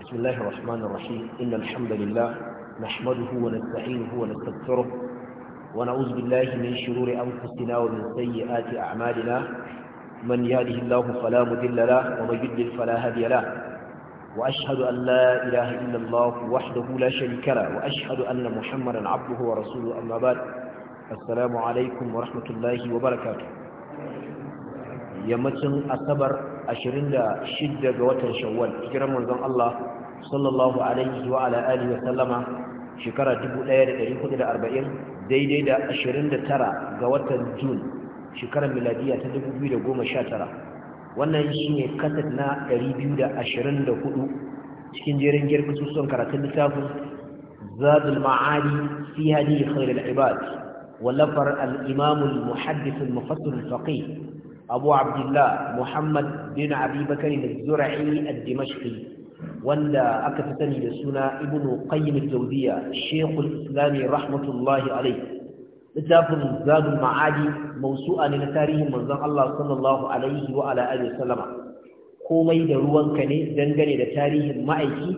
بسم الله الرحمن الرحيم إن الحمد لله نحمده ونستعينه ونستغفره ونعوذ بالله من شرور أنفسنا ومن سيئات أعمالنا من يهده الله فلا مضل له ومن يضلل فلا هادي له وأشهد أن لا إله إلا الله وحده لا شريك له وأشهد أن محمدا عبده ورسوله أما بعد السلام عليكم ورحمة الله وبركاته yammacin asabar 26 ga watan shawwal hijiran manzon Allah sallallahu alaihi wa ala alihi wa sallama shekara 1440 daidai da 29 ga watan Jun shekarar miladiya ta 2019 wannan shine kasat na 224 cikin jerin girkin susun karatun littafin Zadul Ma'ali fi hadi khairul ibad wallafar al-Imam al-Muhaddith al-Mufassir al-Faqih Abu Abdullah Muhammad bin Abi Bakr al-Zur'i al-Dimashqi wanda aka fi sani da suna ibn qayyim al-jawziya shaykhul islam rahmatullahi alayhi littafin zadul ma'adi mawsu'a ne na tarihin manzon Allah sallallahu alaihi wa ala alihi komai da ruwanka ne dangane da tarihin ma'aiki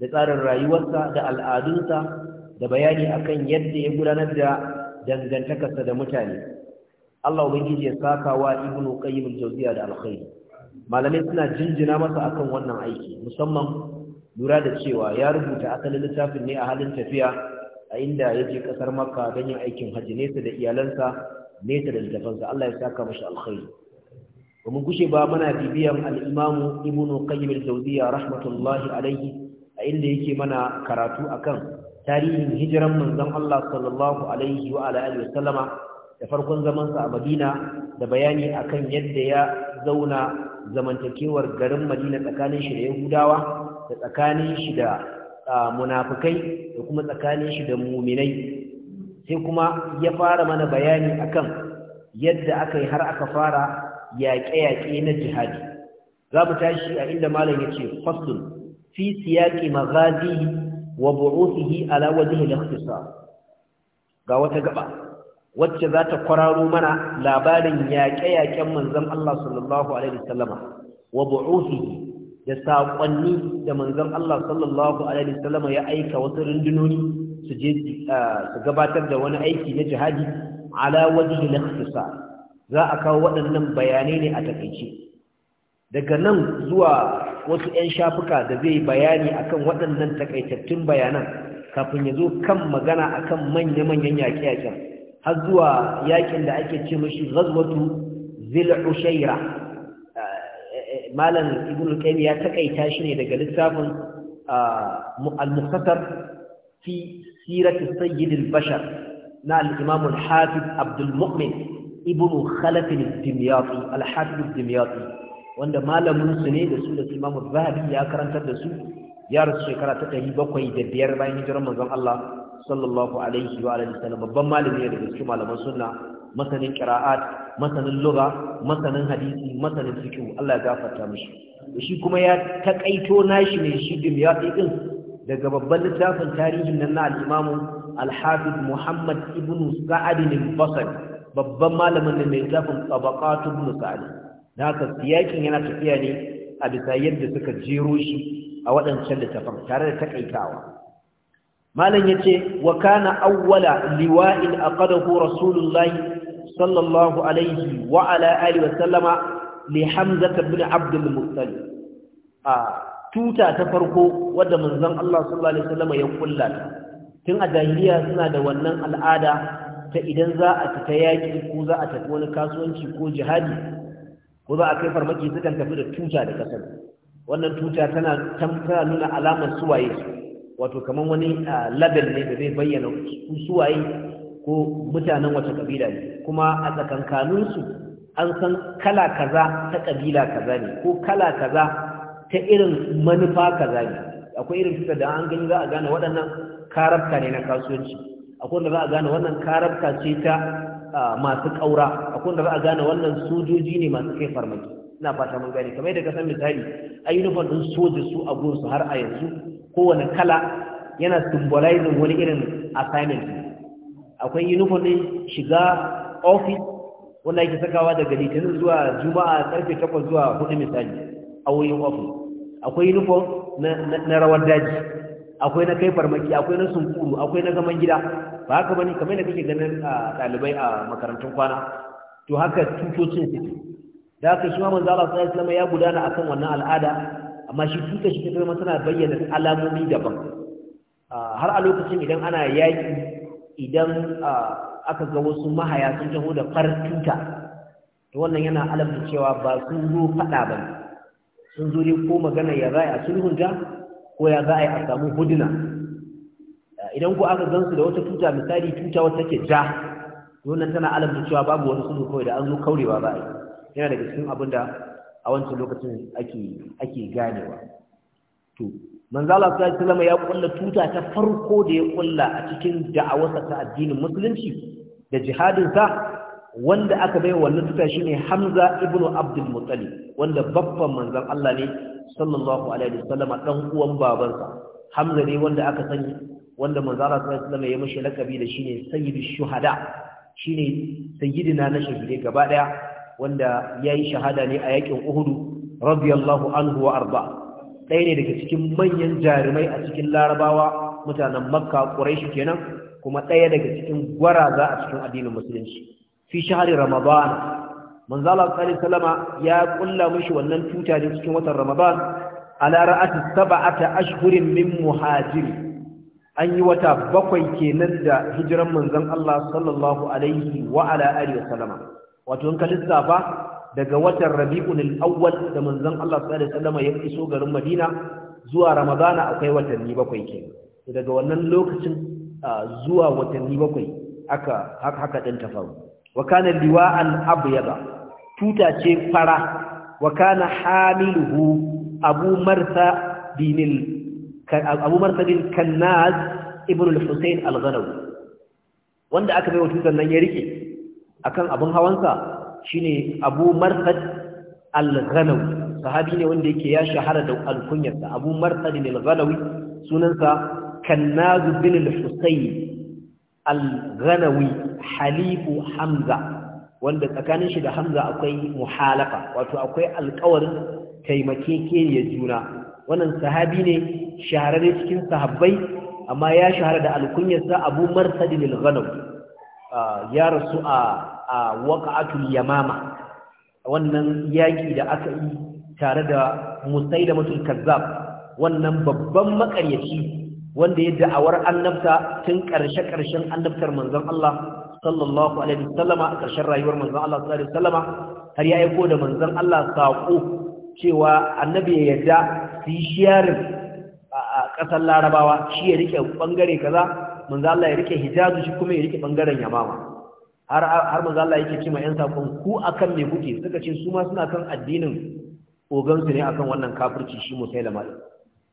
da tsarin rayuwarsa da al'adunsa da bayani akan yadda ya gudanar da dangantakarsa da mutane Allah ubangiji ya saka wa ibn qayyim al-jawziya da alkhairi malamai suna jinjina masa akan wannan aiki musamman lura da cewa ya rubuta asalin littafin ne a halin tafiya a inda je kasar makka don yin aikin hajji nesa da iyalansa nesa da littafansa Allah ya saka mashi alkhairi mu gushe ba mana bibiyan al ibnu Ibn Qayyim al rahmatullahi alayhi a inda yake mana karatu akan tarihin hijiran manzon Allah sallallahu alaihi wa ala alihi da farkon zamansa a Madina da bayani akan yadda ya zauna zamantakewar garin madina tsakanin shi da yahudawa da tsakanin shi da munafukai da kuma tsakanin shi da muminai sai kuma ya fara mana bayani akan yadda aka yi har aka fara yaƙe-yaƙe na jihadi za mu tashi a inda malam ya ce faslun fi siyaƙi magazihi wa bu'uthihi ala wajhi al ga wata gaba wacce za ta kwararo mana labarin yaƙe-yaƙen manzon Allah sallallahu alaihi wasallama wa bu'uthi da saƙonni da manzon Allah sallallahu alaihi wasallama ya aika wasu rundunoni su gabatar da wani aiki na jihadi ala wajhi al-ikhtisar za a kawo waɗannan bayanai ne a takaice. daga nan zuwa wasu 'yan shafuka da zai bayani akan waɗannan takaitattun bayanan kafin ya zo kan magana akan manya-manyan yaƙe-yaƙen har zuwa yakin da ake ce mashi gazwatu zil ushaira eh, eh, malam ibn al ya takaita shi ne daga littafin ah, al-mukhtasar fi sirat sayyid bashar na al-imam al-hafiz abdul mu'min ibn khalaf al-dimyati al-hafiz al-dimyati wanda malamin su ne da su da imam al-zahabi ya karantar da su ya rasu shekara ta 705 bayan hijirar manzon Allah sallallahu alaihi wa alihi wasallam babban malami ne daga cikin malaman sunna masanin qira'at masanin lugha masanin hadisi masanin fiqh Allah ya gafarta mishi shi kuma ya takaito nashi ne shi dim ya din daga babban littafin tarihin nan na al-Imam al-Hafiz Muhammad ibn Sa'ad al-Basri babban malamin ne mai littafin Tabaqat ibn Sa'ad da haka siyakin yana tafiya ne a bisa yadda suka jero shi a waɗancan littafin tare da takaitawa malam yace wa kana awwala liwa'in aqadahu rasulullah sallallahu alaihi wa ala alihi wa sallama li hamza ibn abd al-muttalib a tuta ta farko wadda manzon Allah sallallahu alaihi wasallama ya kulla tun a jahiliya suna da wannan al'ada ta idan za a fita yaki ko za a tafi wani kasuwanci ko jihadi ko za a kai farmaki sukan tafi da tuta da kasar wannan tuta tana tana nuna alamar suwaye su wato kaman wani ah, label ne da zai bayyana suwaye ko mutanen wata kabila ne kuma a tsakankaninsu an san kala kaza ta kabila kaza ne ko kala kaza ta irin manufa kaza ne akwai irin fitar da an gani za a gane waɗannan karabta ne na kasuwanci akwai wanda za a gane wannan karabta ce ta ah, masu ƙaura akwai wanda za a gane wannan sojoji ne masu kai farmaki ina fata mun gane kamar yadda ka san misali a uniform din soja su a su har a yanzu kowane kala yana symbolizing wani irin assignment akwai uniform din shiga office wanda yake sakawa daga litinin zuwa juma'a karfe 8 zuwa hudu misali a wurin office akwai uniform na rawar daji akwai na kai farmaki akwai na sunkuru akwai na zaman gida ba haka bane kamar yadda kake ganin ah, ɗalibai a makarantun kwana to haka tutocin su da haka shi ma manzo Allah sallallahu alaihi wasallam ya gudana akan wannan al'ada amma shi tuka shi kuma tana bayyana alamomi daban ah, har a lokacin idan ana yaƙi, idan ah, aka ga wasu mahaya sun taho da tuta, to wannan yana alamta cewa ba sun zo faɗa ba sun zo dai ko magana ya za a sulhunta ko ya za a yi a samu huduna ah, idan ko aka gansu da wata tuta misali tuta wata ke ja wannan tana alamta cewa babu wani sulhu kawai da an zo kaurewa ba a yana daga cikin abin da a wancan lokacin ake ake ganewa to manzo Allah sallallahu alaihi ya kulla tuta ta farko da ya kulla a cikin da'awarsa ta addinin musulunci da jihadin sa wanda aka bai wannan tuta shine Hamza ibn Abdul Muttalib wanda babban Manzan Allah ne sallallahu alaihi wasallam dan uwan babansa Hamza ne wanda aka sani wanda manzo Allah sallallahu ya mishi lakabi da shine sayyidu shuhada shine sayyidina na shahide gaba daya wanda ya yi shahada ne a yakin uhudu radiyallahu anhu wa arba ɗaya ne daga cikin manyan jarumai a cikin larabawa mutanen makka ƙuraishi kenan kuma ɗaya daga cikin gwaraza a cikin addinin musulunci fi shahari ramadan Manzala Allah Salama ya kulla mashi wannan tuta ne cikin watan ramadan ala ra'ati saba'ata ashhurin min muhajiri an yi wata bakwai kenan da hijiran manzon Allah sallallahu alaihi wa ala alihi wa wato in ka lissafa daga watan rabi'un al-awwal da manzon Allah sallallahu alaihi wasallam ya iso garin Madina zuwa Ramadana akwai watanni bakwai ke daga wannan lokacin zuwa watanni bakwai aka haka haka din ta faru wa kana liwa'an abyada tuta ce fara wa kana hamiluhu abu martha binil abu martha bin kannaz ibn al-husayn al-ghanawi wanda aka bai wa tutan nan ya rike akan abin hawansa shine Abu Marsad al-Ghanawi sahabi ne wanda yake ya shahara da alkunyarsa Abu Marsad al-Ghanawi sunansa Kannaz bin al-Husayn al halifu Hamza wanda tsakanin shi da Hamza akwai muhalafa wato akwai alƙawarin taimakekeniyar juna wannan sahabi ne shahararre cikin sahabbai amma ya shahara da alkunyarsa Abu Marsad al-Ghanawi ah, ya rasu a a waqa'atul yamama wannan yaƙi da aka yi tare da mutum kazzab wannan babban makaryaci wanda ya da'awar annabta tun karshe-karshen annabtar manzon Allah sallallahu alaihi sallama, a ƙarshen rayuwar manzon Allah sallallahu alaihi har ya aiko da manzon Allah saƙo cewa annabi ya yarda su yi shiyarin a ƙasar larabawa shi ya rike ɓangare kaza manzo Allah ya rike hijazu shi kuma ya rike ɓangaren yamama har har manzo Allah yake cewa ƴan sakon ku akan me kuke suka ce su ma suna kan addinin ogan ne akan wannan kafirci shi musailama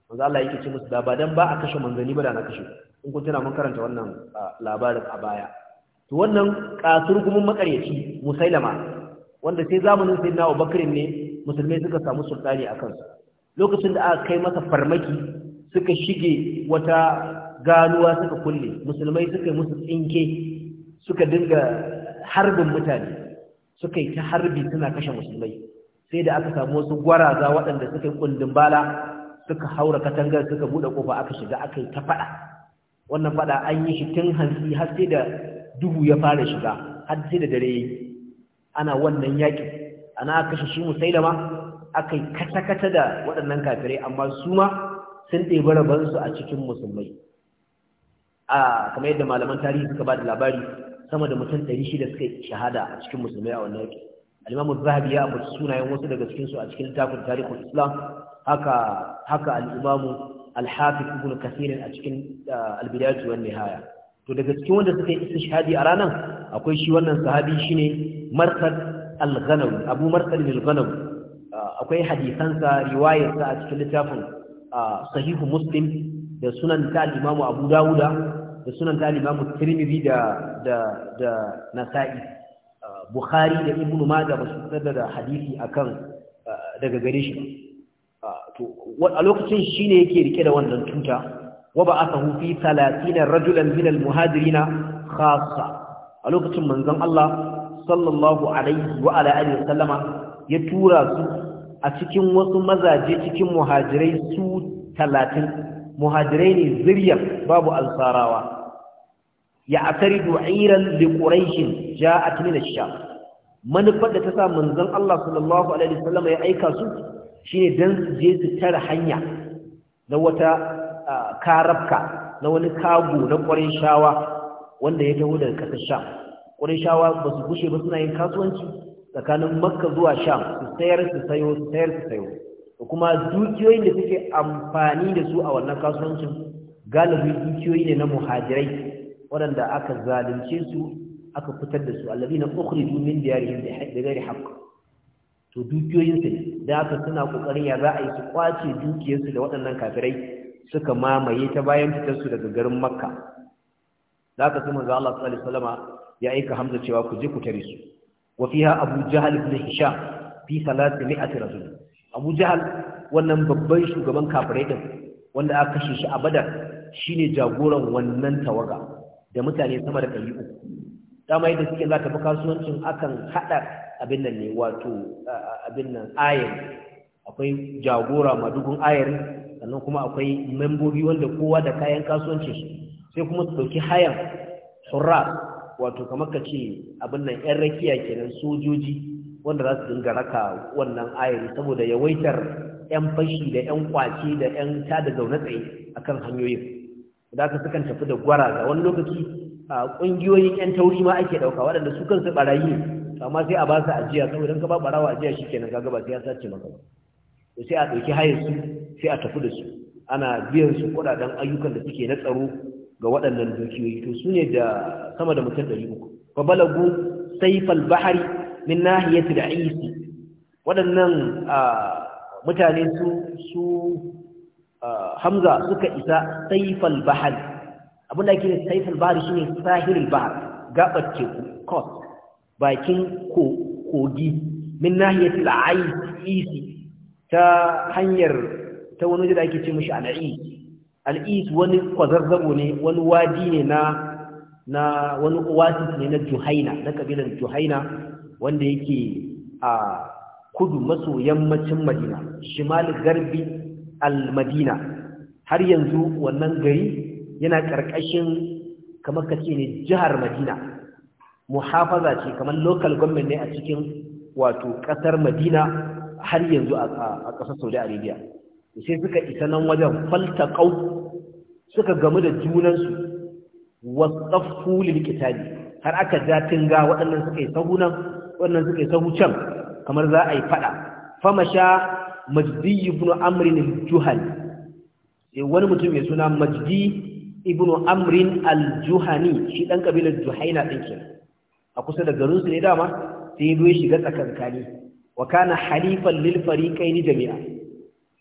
manzo Allah yake ce musu da ba dan ba a kashe manzani ba da na kashe in kun tana mun karanta wannan labarin a baya to wannan kasur gumin makaryaci musailama wanda sai zamanin sayyidina Abubakar ne musulmai suka samu sultani a su lokacin da aka kai masa farmaki suka shige wata ganuwa suka kulle musulmai suka yi musu tsinke suka dinga harbin mutane suka yi ta harbi suna kashe musulmai sai da aka samu wasu gwaraza waɗanda suka yi kundin bala suka haura katangar suka buɗe ƙofa aka shiga aka yi ta faɗa wannan faɗa an yi shi tun hansi har sai da duhu ya fara shiga har sai da dare yayi ana wannan yaƙi ana aka kashe shi musailama aka yi kata-kata da waɗannan kafirai amma su ma sun ɗebi rabansu a cikin musulmai a ah, kamar yadda malaman tarihi suka ba da labari sama da mutum ɗari shida suka yi shahada a cikin musulmai a wannan yaƙi al zahabi ya ambaci sunayen wasu daga cikin su a cikin littafin tarihin islam haka haka al al ibn kathir a cikin ah, al-bidayatu wan nihaya to daga cikin wanda suka yi istishhadi a ranar akwai shi wannan sahabi shine markad al-ghanawi abu markad al ah, akwai hadisansa riwayarsa a cikin littafin ah, sahihu muslim da sunan ta al-imamu abu dawuda da sunan da Imam Tirmidhi da da da Nasa'i uh, Bukhari da Ibn Majah ba su tsada da hadisi akan uh, daga gare shi uh, to a lokacin shine yake rike da wannan tuta wa ba'athahu fi 30 rajulan min al-muhajirin khassa a lokacin manzon Allah sallallahu alaihi wa ala alihi sallama ya tura su a cikin wasu mazaje cikin muhajirai su 30 muhajirai ne zirya babu ansarawa ya asari du'iran ja quraishin ja'at min ash-sham manufar da ta sa manzon Allah sallallahu alaihi wasallam ya aika su shine dan su je su tara hanya na wata karabka na wani kago na qurayshawa wanda ya taho daga kasar sham qurayshawa ba su gushe ba suna yin kasuwanci tsakanin makka zuwa sham su sayar su sayo su sayar su sayo da kuma dukiyoyin da suke amfani da su a wannan kasuwancin galibi dukiyoyi ne na muhajirai waɗanda aka zalunce su aka fitar da su allabi na ukhriju min diyarihim da ghairi haqq to dukiyoyin su da aka suna kokarin ya za a yi su kwace dukiyarsu da waɗannan kafirai suka mamaye ta bayan fitar su daga garin makka da aka sai manzo Allah sallallahu alaihi ya aika Hamza cewa ku je ku tare su wa fiha Abu Jahl ibn Hisham fi 300 rajul abu jahal wannan babban shugaban kafirai din wanda aka kashe shi a badar shine jagoran wannan tawaga da mutane sama da ɗari uku dama yadda suke za ta fi kasuwancin akan haɗa abin nan ne wato abin nan ayar akwai jagora madugun ayar sannan kuma akwai membobi wanda kowa da kayan kasuwancin shi sai kuma su ɗauki hayan hurra wato kamar ka ce abin nan 'yan rakiya kenan sojoji wanda za su dinga raka wannan ayari saboda yawaitar 'yan fashi da 'yan kwace da 'yan da zaune tsaye kan hanyoyin da aka sukan tafi da gwara ga wani lokaci a ƙungiyoyin 'yan tauri ma ake ɗauka waɗanda su kansu ɓarayi ne amma sai a ba su ajiya saboda ka ba ɓarawa ajiya shi kenan kaga ba sai ya sace maka ba sai a ɗauki hayar su sai a tafi da su ana biyan su kuɗaɗen ayyukan da suke na tsaro ga waɗannan dukiyoyi to su ne da sama da mutum ɗari uku fa balagu saifal bahari min nahiyati waɗannan mutane su su hamza suka isa saifal bahar abin da ake saifal bahar shine sahirul bahar gabar teku coast bakin kogi min nahiyati ta hanyar ta wani da ake ce mashi al'isi al'is wani kwazarzabo ne wani wadi ne na wani oasis ne na juhaina na kabilan juhaina wanda yake a kudu maso yammacin madina shimal garbi al-madina har yanzu wannan gari yana ƙarƙashin kamar ka ce ne jihar madina muhafaza ce kamar local government ne a cikin wato ƙasar madina har yanzu a ƙasar saudi arabia sai suka isa nan wajen faltaƙau suka gamu da junansu wasu tsaffu lilkitali har aka ja tinga waɗannan suka yi sahunan wannan suka yi sahu can kamar za a yi fada famasha majdi ibn amrin al-juhani sai eh, wani mutum mai suna majdi ibn amrin al-juhani shi dan kabilar juhaina din kenan a kusa da garin su ne dama sai ya doye shiga tsakankani wa kana halifan lil fariqaini jami'a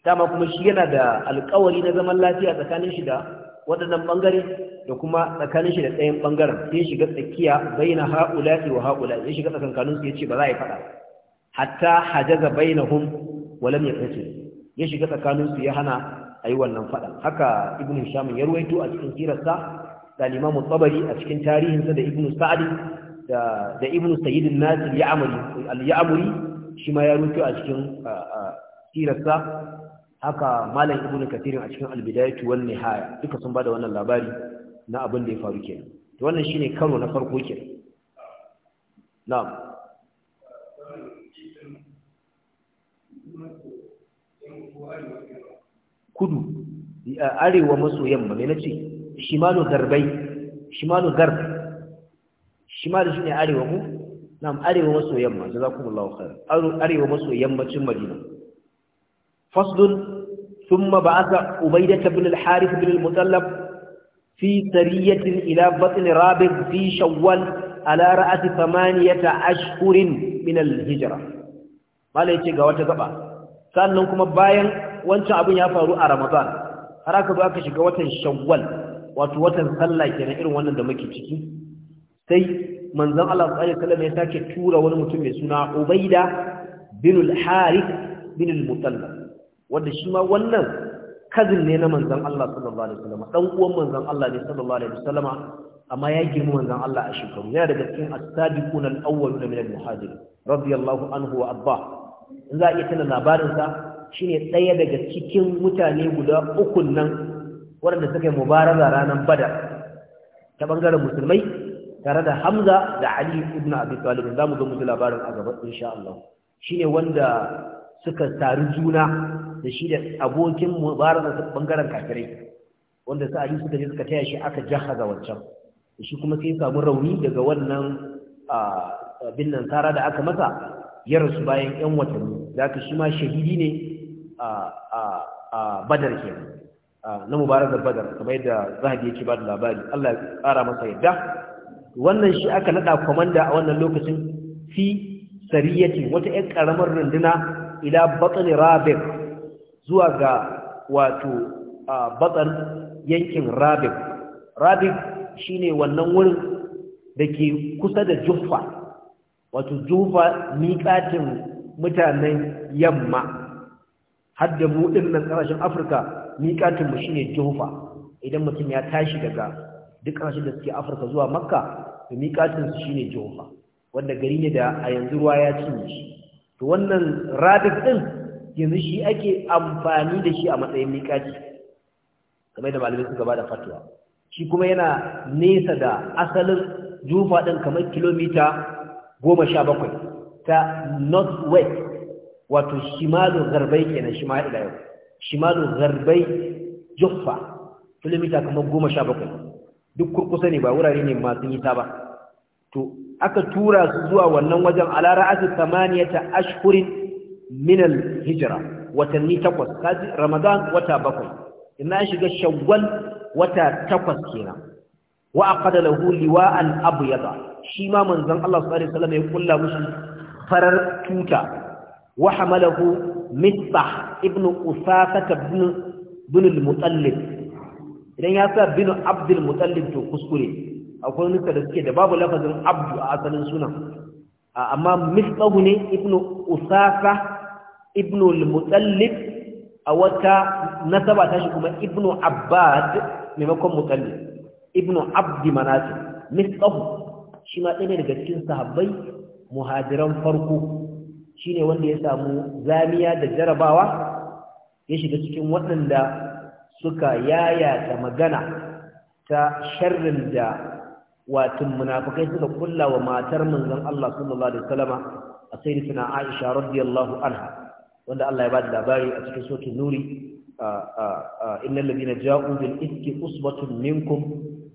dama kuma shi yana da alƙawari na zaman lafiya tsakanin shi da waɗannan ɓangare da kuma tsakanin shi da ɗayan ɓangaren sai shiga tsakiya baina haula'i wa haula'i ya shiga tsakankanin su yace ba za a yi faɗa hatta hajaza bai na lam yaqtasil ya shiga tsakanin su ya hana ayi wannan faɗa haka ibn hisham ya ruwaito a cikin sirarsa da imam a cikin tarihinsa da ibn sa'd da da ibn sayyid an-nasir ya'muri al-ya'muri shi ma ya ruwaito a cikin sirarsa haka malam ibnu kathir a cikin al-bidayatu wan nihaya duka sun bada wannan labari na abin da ya faru kenan to wannan shine karo na farko kenan na'am kudu arewa maso yamma ne nace shimalu garbai shimalu garb shimalu shine arewa ku na'am arewa maso yamma jazakumullahu khair arewa maso yammacin madina فصل ثم بعث عبيدة بن الحارث بن المطلب في سرية إلى بطن رابغ في شوال على رأس ثمانية أشهر من الهجرة ما لا قوات قبع sannan kuma bayan wancan abin ya faru a Ramadan har aka zo aka shiga watan shanwal wato watan sallah kenan irin wannan da muke ciki sai manzon Allah sallallahu alaihi wasallam ya sake tura wani mutum mai suna Ubaida bin harith wanda shi ma wannan kazin ne na manzan Allah sallallahu alaihi wasallam dan uwan manzan Allah ne sallallahu alaihi wasallam amma ya girma manzan Allah a shekaru yana daga cikin as-sabiqun al-awwaluna min al radiyallahu anhu wa abba in za a iya tana labarin sa shine ɗaya daga cikin mutane guda uku nan waɗanda suka yi mubaraza ranar badar ta bangaren musulmai tare da Hamza da Ali ibn Abi Talib za mu ga musu labarin a gaba insha Allah shine wanda suka taru juna da shi da abokin mubarak bangaren kafirai wanda su ali suka je suka taya shi aka jahaza wancan shi kuma sai samu rauni daga wannan abin tsara da aka masa ya rasu bayan 'yan watanni za ka shi ma shahidi ne a badar ke na mubarak da badar kamar yadda zahabi yake ba da labari allah ya ƙara masa yadda wannan shi aka naɗa kwamanda a wannan lokacin fi Sariyati, wata 'yan ƙaramar runduna ila batsani rabin zuwa ga wato batsar yankin rabib rabib shine wannan wurin da ke kusa da jufa wato jufa miƙatin mutanen yamma har da mu ɗin nan ƙasashen afirka miƙatinmu shine jufa idan mutum ya tashi daga duk ƙasashen da suke afirka zuwa makka da miƙatinsu shine jufa wanda gari ne da a yanzu ruwa ya cinye shi to wannan rabib ɗin yanzu shi ake amfani da shi a matsayin miƙaci kamar da malamai suka ba da fatwa shi kuma yana nesa da asalin jufa ɗin kamar kilomita goma sha bakwai ta north west wato shimalo garbai kenan shi ma ila yau shimalo garbai juffa kilomita kamar goma sha bakwai duk kurkusa ne ba wurare ne masu nisa ba to aka tura su zuwa wannan wajen alara asu ta ashkurin min hijira watanni takwas kaji ramadan wata bakwai ina shiga shawwal wata takwas kenan wa aqada lahu liwa'an abyada shi ma manzon Allah sallallahu alaihi wasallam ya kulla mushi farar tuta wa hamalahu misbah ibn usafa ibn ibn al-mutallib idan ya sa bin abd al-mutallib to kuskure akwai nuka da suke da babu lafazin abdu a asalin sunan amma misbahu ne ibn usafa ibn al-mutallib a wata nasaba ta shi kuma ibn abbad maimakon mutallib ibn abd manasib misahu shi ma ɗaya daga cikin sahabbai muhajiran farko shine wanda ya samu zamiya da jarabawa ya shiga cikin waɗanda suka yayata magana ta sharrin da watan munafikai suka kulla wa matar manzon Allah sallallahu alaihi wasallama a sayyidatina Aisha radiyallahu anha wanda Allah ya ba da labari a cikin sautin nuri innal ladina ja'u bil iski usbatun minkum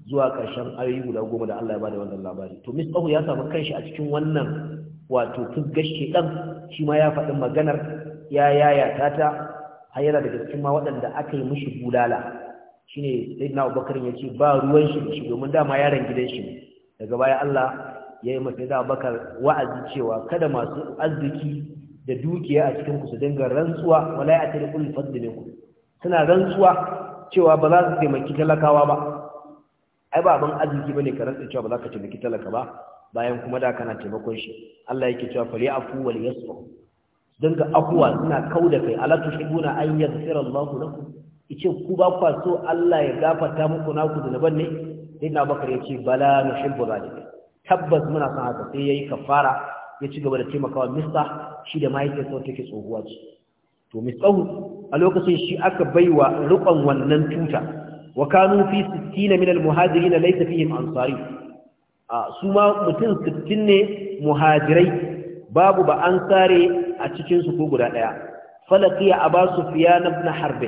zuwa ƙarshen ayoyi guda goma da Allah ya ba da wannan labari to misahu ya samu kanshi a cikin wannan wato fuggashi ɗan shi ma ya faɗi maganar ya yaya tata har yana da cikin ma waɗanda aka yi mishi bulala shine na Abubakar ya ce ba ruwan shi shi domin dama yaron gidan shi daga baya Allah ya yi masa da Abubakar wa'azi cewa kada masu arziki da dukiya a cikin ku su dinga rantsuwa wala ya tare kullu ne ku. suna rantsuwa cewa ba za su taimaki talakawa ba ai ba abin arziki bane ka rantsa cewa ba za ka taimaki talaka ba bayan kuma da kana taimakon shi Allah yake cewa fali afu wal yasfa dinga afuwa suna kauda kai ala tushibuna an yaghfira Allah lakum yace ku ba kwa so Allah ya gafarta muku ku zunuban ne sai na bakar yace bala nuhibbu zalika tabbas muna son haka sai yayi kafara ya ci gaba da taimakawa mista shi da mahaifiyarsa take tsohuwa ce to mistahu a lokacin shi aka baiwa rukon wannan tuta wa kanu fi 60 min al-muhajirin laysa fihim ansari a su ma mutum 60 ne muhajirai babu ba ansare a cikin su ko guda daya falaqiya Aba sufyan ibn harb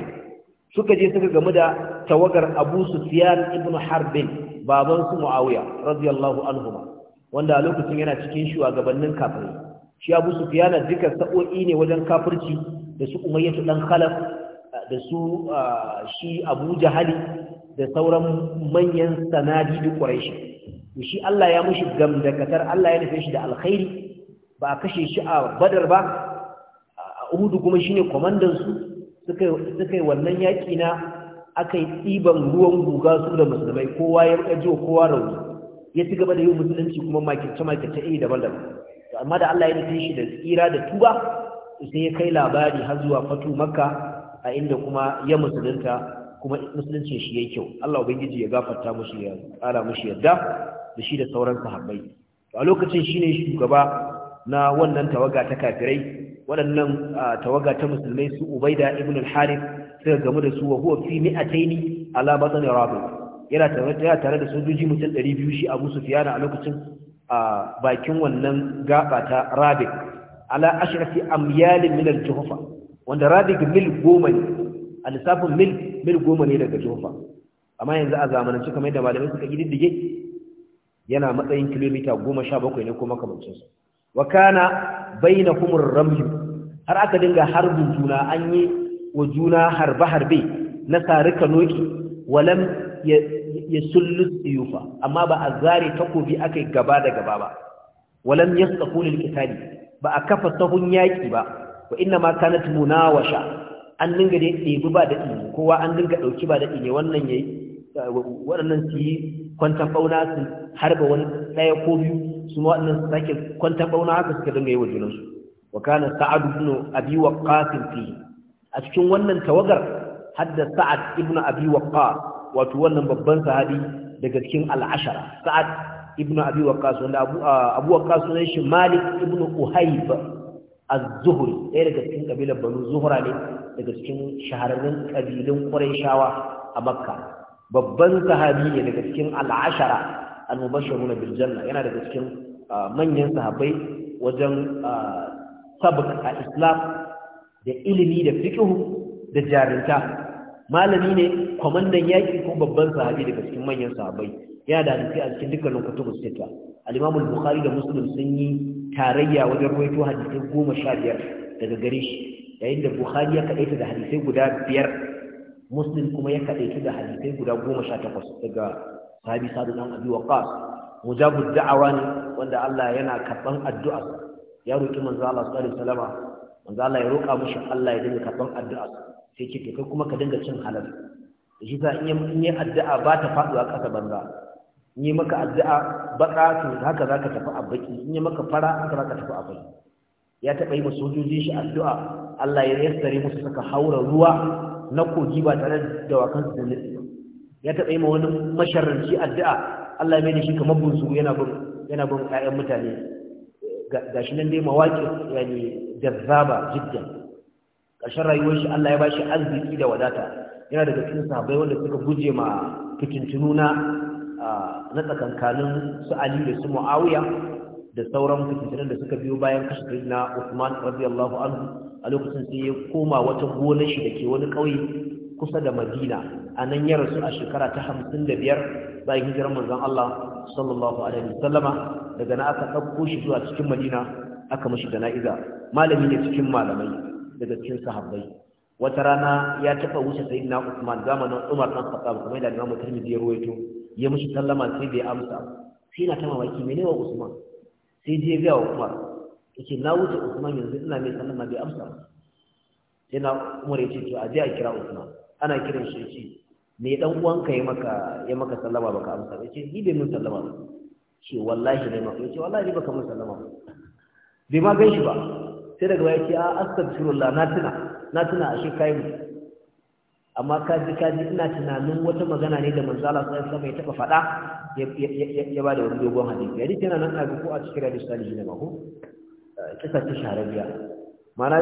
suka je suka gamu da tawagar abu sufyan ibn harb baban su muawiya radiyallahu anhuma wanda a lokacin yana cikin shugabannin kafirai shi abu na duka sa'o'i ne wajen kafirci da su umayyatu dan khalaf da su shi abu jahali da sauran manyan sanadi da ƙwarai shi Allah ya mushi gamdakatar Allah ya nufe shi da alkhairi ba a kashe shi a badar ba a uhudu kuma shine kwamandan su suka yi wannan yaki na akai tsiban ruwan guga su da musulmai kowa ya kajo kowa rauni ya ci gaba da yin musulunci kuma makirce makirce iri daban-daban amma da Allah ya nufi shi da tsira da tuba sai ya kai labari har zuwa fatu makka a inda kuma ya musulunta kuma musulunci shi yayi kyau Allah ubangiji ya gafarta mushi ya kara mushi yadda da shi da sauran sahabbai a lokacin shine shugaba na wannan tawaga ta kafirai waɗannan tawaga ta musulmai su Ubaida ibn al-Harith sai gamu da su wa huwa fi mi'ataini ala batn rabi yana tare da sojoji mutum biyu shi abu sufiyana a lokacin a bakin wannan gaba ta rabik ala ashrafi amyalin min al-juhfa wanda rabik mil goma ne a lissafin mil mil goma ne daga juhfa amma yanzu a zamanance kamar yadda malamai suka kididdige yana matsayin kilomita goma sha bakwai ne ko makamancinsa wa kana bainakum ar har aka dinga harbin juna an yi wa juna harbe-harbe na sarika noki walam ya sullu yufa amma ba a zare takobi akai gaba da gaba ba walam yasqu lil qitali ba a kafa sahun yaki ba wa inna ma kanat munawasha an dinga da ɗebi ba da kowa an dinga ɗauki ba da wannan waɗannan su yi kwantan ɓauna su harba wani ɗaya ko biyu su waɗannan su sake kwantan ɓauna haka suka dinga yi wa junansu wa kana sa'ad ibn abi waqqas fi a cikin wannan tawagar hadda sa'ad ibnu abi waqqas wato wannan babban sahabi daga cikin al'ashara sa'ad ibnu abi waqqas wanda abu ah, abu waqqas shi malik ibnu uhayb az-zuhri ɗaya daga cikin kabilar banu zuhra ne daga cikin shahararrun kabilun qurayshawa a makka babban sahabi ne daga cikin al'ashara al-mubashshiruna bil janna yana daga cikin ah, manyan sahabbai wajen ah, sabaka islam da ilimi da fiqh da jarinta malami ne kwamandan yaƙi ko babban sahabi daga cikin manyan sahabai ya da hadisi a cikin dukkanin kutubu sita al-imamul bukhari da muslim sun yi tarayya wajen rawaito hadisai goma sha biyar daga gare shi yayin da bukhari ya kaɗaita da hadisai guda biyar muslim kuma ya kaɗaita da hadisai guda goma sha takwas daga sahabi sadu dan abi waqas mujabud da'awa ne wanda Allah yana karɓan addu'a ya roki manzo Allah sallallahu alaihi wasallam manzo Allah ya roƙa mushi Allah ya dinga karɓan addu'a sai ce to kai kuma ka dinga cin halal da shi sa in yi addu'a ba ta faɗuwa ƙasa banza in yi maka addu'a baƙa to haka za ka tafi a baƙi in yi maka fara haka za ka tafi a baƙi ya taɓa yi masu sojojin shi addu'a Allah ya yassare musu saka haura ruwa na kogi ba tare da wakan su da ya taɓa yi ma wani masharranci addu'a Allah ya mai da shi kamar bunsu yana bin yana bin ƴaƴan mutane Ga shi nan dai mawaƙi yani jazzaba jiddan ƙarshen rayuwar shi Allah ya bashi arziki da wadata yana daga cikin sahabbai wanda suka guje ma fitintunu na na tsakankanin su Ali da su Muawiya da sauran fitintunan da suka biyo bayan kashe sayyidina Uthman radiyallahu anhu a lokacin sai ya koma wata gonar shi ke wani ƙauye kusa da Madina a nan ya rasu a shekara ta 55 bayan hijirar manzon Allah sallallahu alaihi wasallama daga na aka ɗauko shi zuwa cikin Madina aka mashi jana'iza malami ne cikin malamai daga cikin sahabbai wata rana ya tafa wuce ina Usman zamanin Umar dan Khattab kuma da Imam Tirmidhi ya ruwaito ya mushi sallama sai bai amsa sai na tama waki mene wa Usman sai je ga Umar yace na wuce Usman yanzu ina mai sallama bai amsa sai na Umar yace to a je a kira Usman ana kiran shi yace me dan uwanka ya maka ya maka sallama baka amsa yace ni bai mun sallama ba ce wallahi ne maka yace wallahi baka mun sallama ba bai ma gaishi shi ba sai daga baya ce a astaghfirullah na tuna na tuna a shi kai amma kaji kaji ina tunanin wata magana ne da manzala sai sallallahu alaihi ya taba fada ya ba da wani dogon hadisi yadda tana nan a ko a cikin hadisi salihi ne ba ko eh, kisa ta sharabiya mana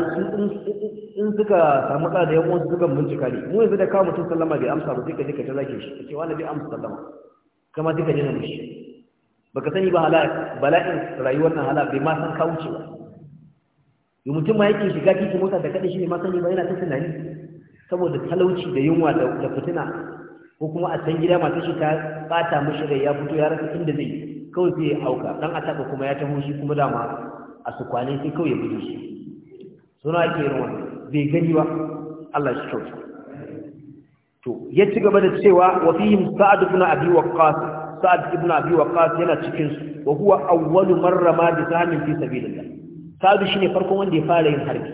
in suka samu kada da yan uwansu suka bincika ne mu yanzu da kawo mutum sallama bai amsa ba sai ka je ta zage shi kace wani bai amsa sallama kama duka jina mushi na baka sani ba halal bala'in rayuwar nan halal bai ma san kawo wuce ba yi mutum ma yake shiga titi mota da kaɗai shi ne masani ba yana ta tunani saboda talauci da yunwa da fitina ko kuma a san gida masu shi ta ɓata mashi rai ya fito ya rasa inda zai kawai zai auka dan a taɓa kuma ya taho shi kuma dama a su kwane sai kawai ya gudu shi suna ake yin wani bai gani ba Allah shi kyau to ya ci gaba da cewa wa fihim sa'ad ibn abi waqqas sa'ad ibn abi waqqas yana cikin su wa huwa awwalu marra ma bi samin fi sabilillah sa'adu ne farkon wanda ya fara yin harbi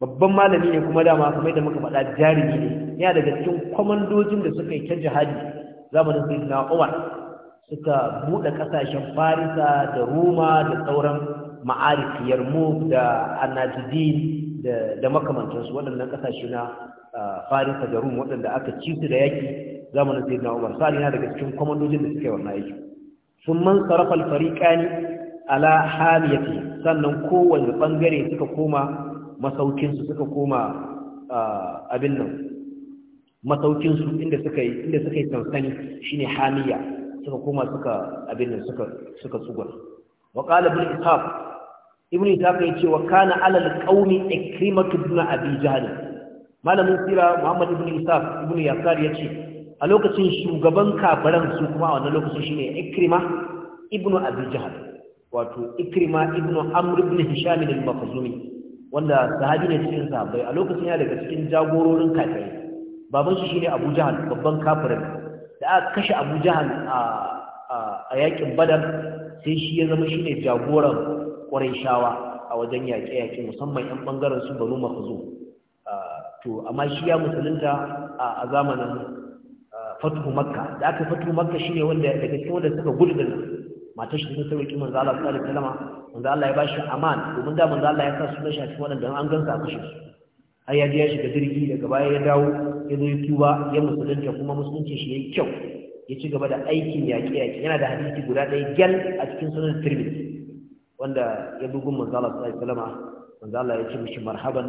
babban malami ne kuma dama kamar da muka faɗa jarumi ne yana daga cikin kwamandojin da suka yi ta jihadi zamanin na Umar suka buɗe ƙasashen Farisa da Roma da sauran ma'arif Yarmouk da anajidi da da makamantansu waɗannan ƙasashe na Farisa da Roma waɗanda aka ci su da yaki zamanin na Umar sai yana daga cikin kwamandojin da suka yi wannan yaki sun man sarrafa al-fariqani ala haliyati sannan kowane bangare suka koma masaukinsu suka koma abin nan masaukinsu inda suka yi inda suka yi sansani shine hamiya suka koma suka abin nan suka suka tsugar wa qala ibn ishaq ibn ishaq ce wa kana ala alqawmi ikrimatu ibn abi jahl malamin sira muhammad ibn ishaq ibn yasar ce a lokacin shugaban kafaran su kuma a wannan lokacin shine ikrima ibn abi jahl wato ikrima ibnu amr ibn hisham al-makhzumi wanda sahabi ne cikin sahabbai a lokacin ya daga cikin jagororin kafirai baban shi shine Abu Jahal babban kafirin da aka kashe Abu Jahal a a yakin Badar sai shi ya zama shine jagoran Qurayshawa a wajen yaƙe-yaƙe musamman 'yan bangaren su Banu Makhzum to amma shi ya musulunta a zamanin Fatuhu Makka da aka Fatuhu Makka shine wanda daga cikin wanda suka gudu da matar shi ta roki manzo Allah sallallahu alaihi wasallam manzo Allah ya bashi aman domin da manzo Allah ya sa sunan shi a cikin wadanda an gansa a kashe su har ya je ya shiga jirgi daga baya ya dawo ya zo Cuba ya musulunta kuma musulunci shi yayi kyau ya ci gaba da aikin yaƙi yaƙi yana da hadisi guda ɗaya gyal a cikin sunan Tirmidhi wanda ya bugun manzo Allah sallallahu alaihi wasallam manzo Allah ya ce mishi marhaban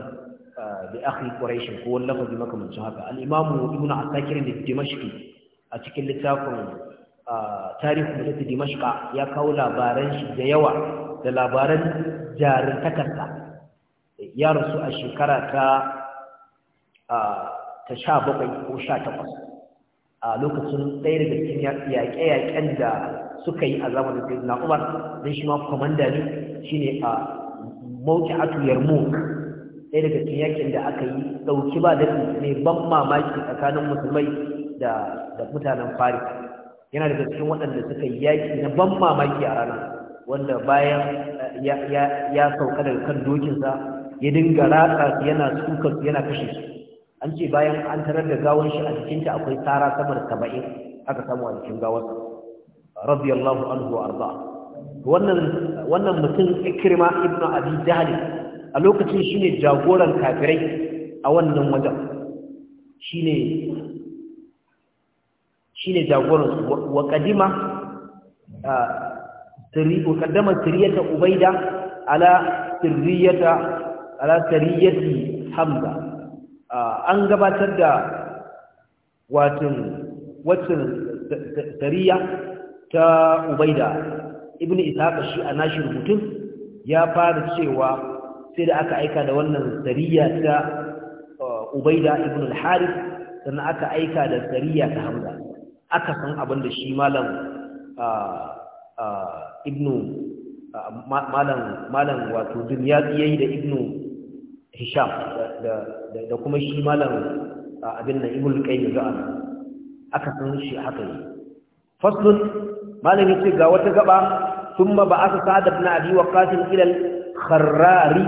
ah, bi akhi quraish ko wallafa bi makamancin haka al-imam ibn asakir da dimashqi a cikin littafin tarihi da tafi dimashka ya kawo labaran shi da yawa da labaran jarin takarta ya rasu a shekara ta sha bakwai ko sha takwas a lokacin ɗaya daga cikin yaƙe-yaƙen da suka yi a zamanin da na umar don shi ma kwamanda ne shi ne a mawuki atu mu. ɗaya daga cikin yaƙin da aka yi ɗauki ba da mai ban mamaki tsakanin musulmai da mutanen Fari. yana daga cikin waɗanda suka yi yaƙi na ban mamaki a ranar wanda bayan eh, ya sauka daga kan dokinsa ya dinga ratsa yana suka yana kashe su an ce bayan an tarar da gawon shi a jikinta akwai tsara sama da saba'in aka samu a jikin gawarsa radiyallahu anhu wa arda wannan wannan mutum ikrima ibn abi jahl a lokacin shine jagoran kafirai a wannan wajen shine shine jagoran wa qadima sirri sirriyata ubaida ala sirriyata ala sirriyati hamza an gabatar da watan watan sariya ta ubaida ibnu ishaq shi a nashi rubutun ya fara cewa sai da aka aika da wannan sariya ta ubaida ibnu al-harith sannan aka aika da sariya ta hamza aka san abin da shi malam ibnu malam malam wato dunyaki yayi da ibnu hisham da kuma shi malam abin da ibnu qayyim da aka san shi haka ne faslun malam yace ga wata gaba thumma ba'atha sa'ad ibn abi waqas ila al-kharrari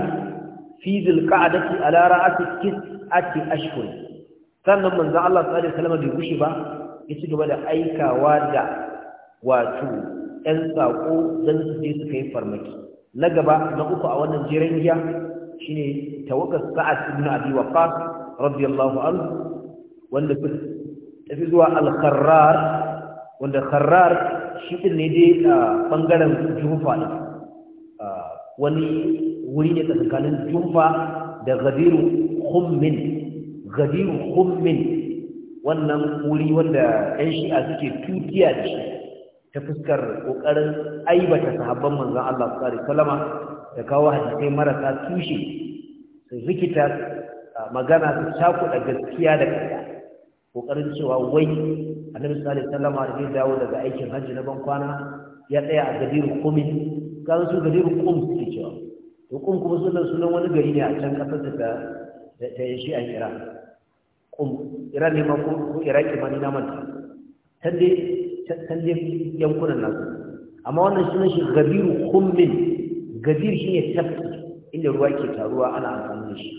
fi dhil-qa'dati ala ra'ati tis'ati ashhur sannan manzo Allah sallallahu alaihi wasallam bai gushi ba ya ci gaba da aikawa da wato ‘yan saƙo don su je su kai farmaki na gaba na uku a wannan jiran giya shi ne tawakas sa'ad ibn abi waqas radiyallahu anhu wanda tafi zuwa al-kharrar wanda kharrar shi din ne dai a bangaren jufa ne wani wuri ne tsakanin jufa da gadiru khummin gadiru khummin wannan wuri wanda ‘yan shi'a suke tutiya da shi ta fuskar ƙoƙarin aibata sahabban manzan Allah su ƙari salama da kawo hadisai marasa tushe su rikita magana su da gaskiya da kasa. ƙoƙarin cewa wai annabi sallallahu alaihi wasallam da zai dawo daga aikin hajji na ban kwana ya tsaya a gadirul qum kan su gadirul qum suke cewa to kuma sunan sunan wani gari ne a can ƙasar da ta a Iran kum ira ne ma ko iraki ma mani na manta ta tande yankunan nasu amma wannan sunan shi gabiru kummin gadir shi ne tafki inda ruwa ke taruwa ana amfani da shi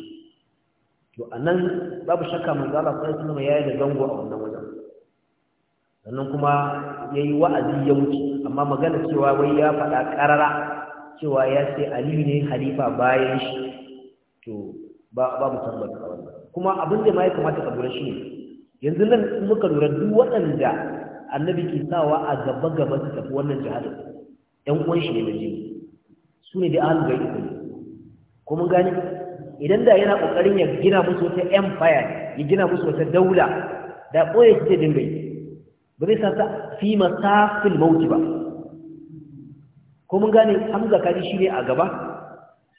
to anan babu shakka mun Allah sai sun wasallam yayi da zango a wannan wajen sannan kuma yayi wa'azi ya wuce amma magana cewa wai ya faɗa ƙarara cewa ya ce Aliyu ne halifa bayan shi to ba babu tabbata wannan kuma abin da ma ya kamata ka lura shi ne yanzu nan in muka lura duk waɗanda annabi ke sawa a gaba gaba su tafi wannan jihadin ɗan uwan shi ne na jini su ne da ahalu bai ikon ko mun gani idan da yana ƙoƙarin ya gina musu wata empire ya gina musu wata daula da ɓoye su zai dinga yi ba zai sa fi masafin mauti ba ko mun gane hamza kaji shi ne a gaba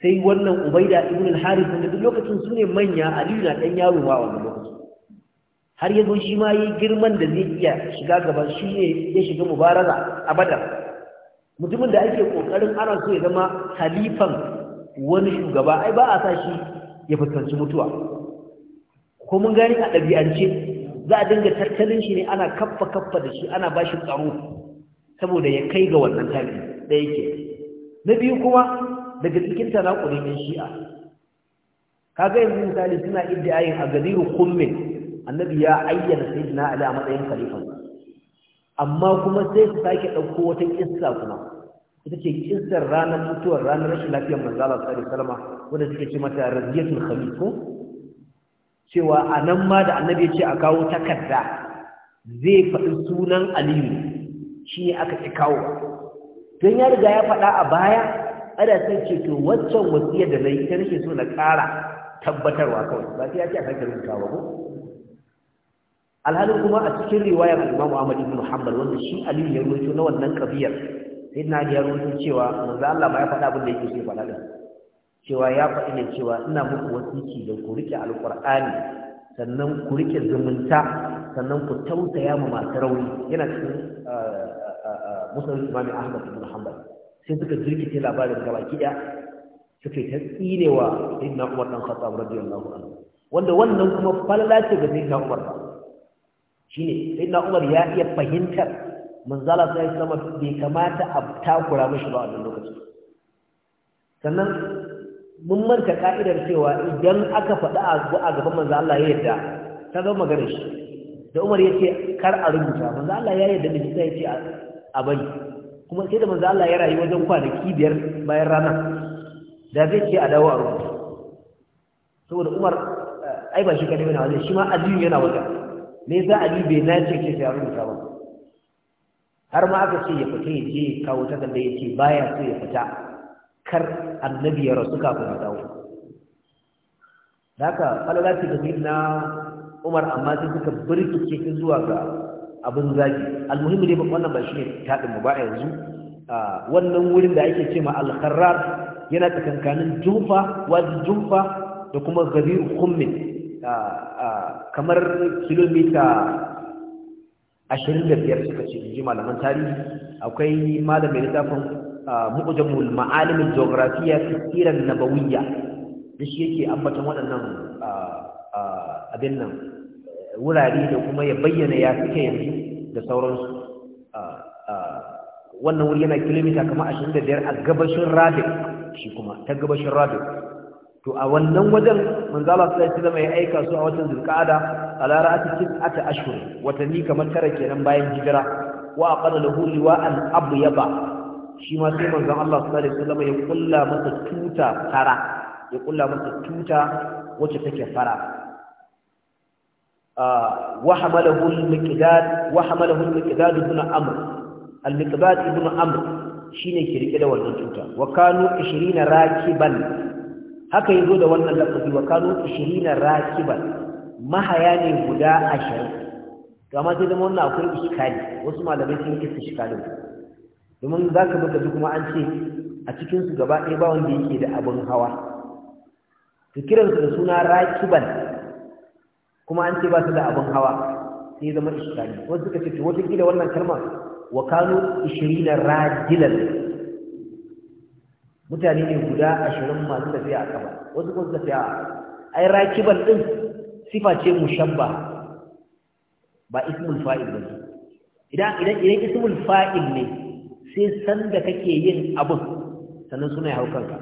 sai wannan ubaida ibn al-harith da duk lokacin su manya aliyu na dan yaro ba wannan lokacin har yazo shi ma yi girman da zai iya shiga gaban shi ne ya shiga mubaraza a badar mutumin da ake kokarin ana so ya zama khalifan wani shugaba ai ba a sa shi ya fuskanci mutuwa ko mun gani a ɗabi'ance za a dinga tattalin shi ne ana kaffa kaffa da shi ana ba shi tsaro saboda ya kai ga wannan tabi da yake na biyu kuma daga cikin tanakulin min shi'a kaga yanzu misali suna iddiyayin a gadiru kummin annabi ya ayyana sayyidina ali a matsayin khalifa amma kuma sai su sake ɗauko wata kissa kuma ita ce kissar ranar mutuwar ranar rashin lafiyar manzala Allah sallallahu alaihi wasallam wanda suke ce mata radiyatul khalifu ko cewa anan ma da annabi ya ce a kawo takarda zai faɗi sunan aliyu shi ne aka ci kawo don ya riga ya faɗa a baya ana sai ce to waccan wasiyar da nayi ita nake so na kara tabbatarwa kawai ba sai ya ce a sake rubuta ba ko alhalin kuma a cikin riwayar Imam Ahmad ibn muhammad wanda shi Ali ya rubuto na wannan kabiyar sai na ya rubuto cewa manzo Allah ba ya faɗa abin da yake so faɗa da cewa ya faɗi ne cewa ina muku wasiki da ku rike alqur'ani sannan ku rike zumunta sannan ku tausaya ma masu rauni yana cikin eh, eh, eh, musulun imam Ahmad ibn muhammad sai suka jirkice labarin gaba ɗaya suka yi ta tsinewa na umar dan khattab radiyallahu anhu wanda wannan kuma falala ce ga na umar ba shine na umar ya iya fahimtar manzala sai sama bai kamata a takura mashi ba a wannan lokaci. sannan mun manta ka'idar cewa idan aka faɗi a gaban manzo Allah ya yarda ta zama magana shi da Umar ya ce kar a rubuta manzo Allah ya yarda da shi sai ya ce a bari kuma sai da manzo Allah ya rayu wajen kwanaki biyar bayan rana da zai ce a dawo a ruwa. saboda Umar eh, ai ba shi kadai yana wajen shi ma Aliyu yana wajen me yasa Aliyu bai nace ke sai a rubuta ba har ma aka ce ya fita ya je kawo ta takarda ya ce baya so ya fita kar annabi ya rasu kafin ya dawo da haka falala ce da na Umar amma sai suka birkice zuwa ga abin zaki almuhimmi ne wannan ba shi ne taɗin mu ba yanzu wannan wurin da ake ce ma alkharar yana tsakankanin jufa wajen jufa da kuma gabir kummin kamar kilomita ashirin da biyar suka ce inji malaman tarihi akwai malamin littafin mu'ujamul ma'alimin geografiya tsiran nabawiyya da shi yake ambatan waɗannan abin nan wurare da kuma ya bayyana ya suke yanzu da sauransu wannan wuri yana kilomita kama ashirin da biyar a gabashin rabin shi kuma ta gabashin rabin to a wannan wajen manzala su sai zama ya aika su a watan zulka'ada a cikin ata ashirin, watanni kamar tara kenan bayan hijira wa an abu liwa'an abyaba shi ma sai manzon Allah sallallahu alaihi wasallam ya kulla masa tuta fara ya kulla masa tuta wacce take fara وحمله المقداد وحمله المقداد ابن عمرو المقداد ابن عمرو shine ke rike da wannan cuta wa kanu 20 rakiban haka yazo da wannan lafazi wa kanu 20 rakiban mahayani guda 20 amma sai zama wannan akwai iskali wasu malamai sun yi iskali domin zaka buga duk kuma an ce a cikin su gaba ɗaya ba wanda yake da abun hawa to kiransu da suna rakiban kuma an ce ba su da abin hawa sai zama ishkali wasu suka ce to kila wannan kalma wa kanu ishirina rajilan mutane ne guda ashirin masu tafiya a kaba wasu kuma suka ce ai rakiban din sifa ce mushabba ba ismul fa'il ba idan idan idan ismul fa'il ne sai san da kake yin abin sannan suna haukanka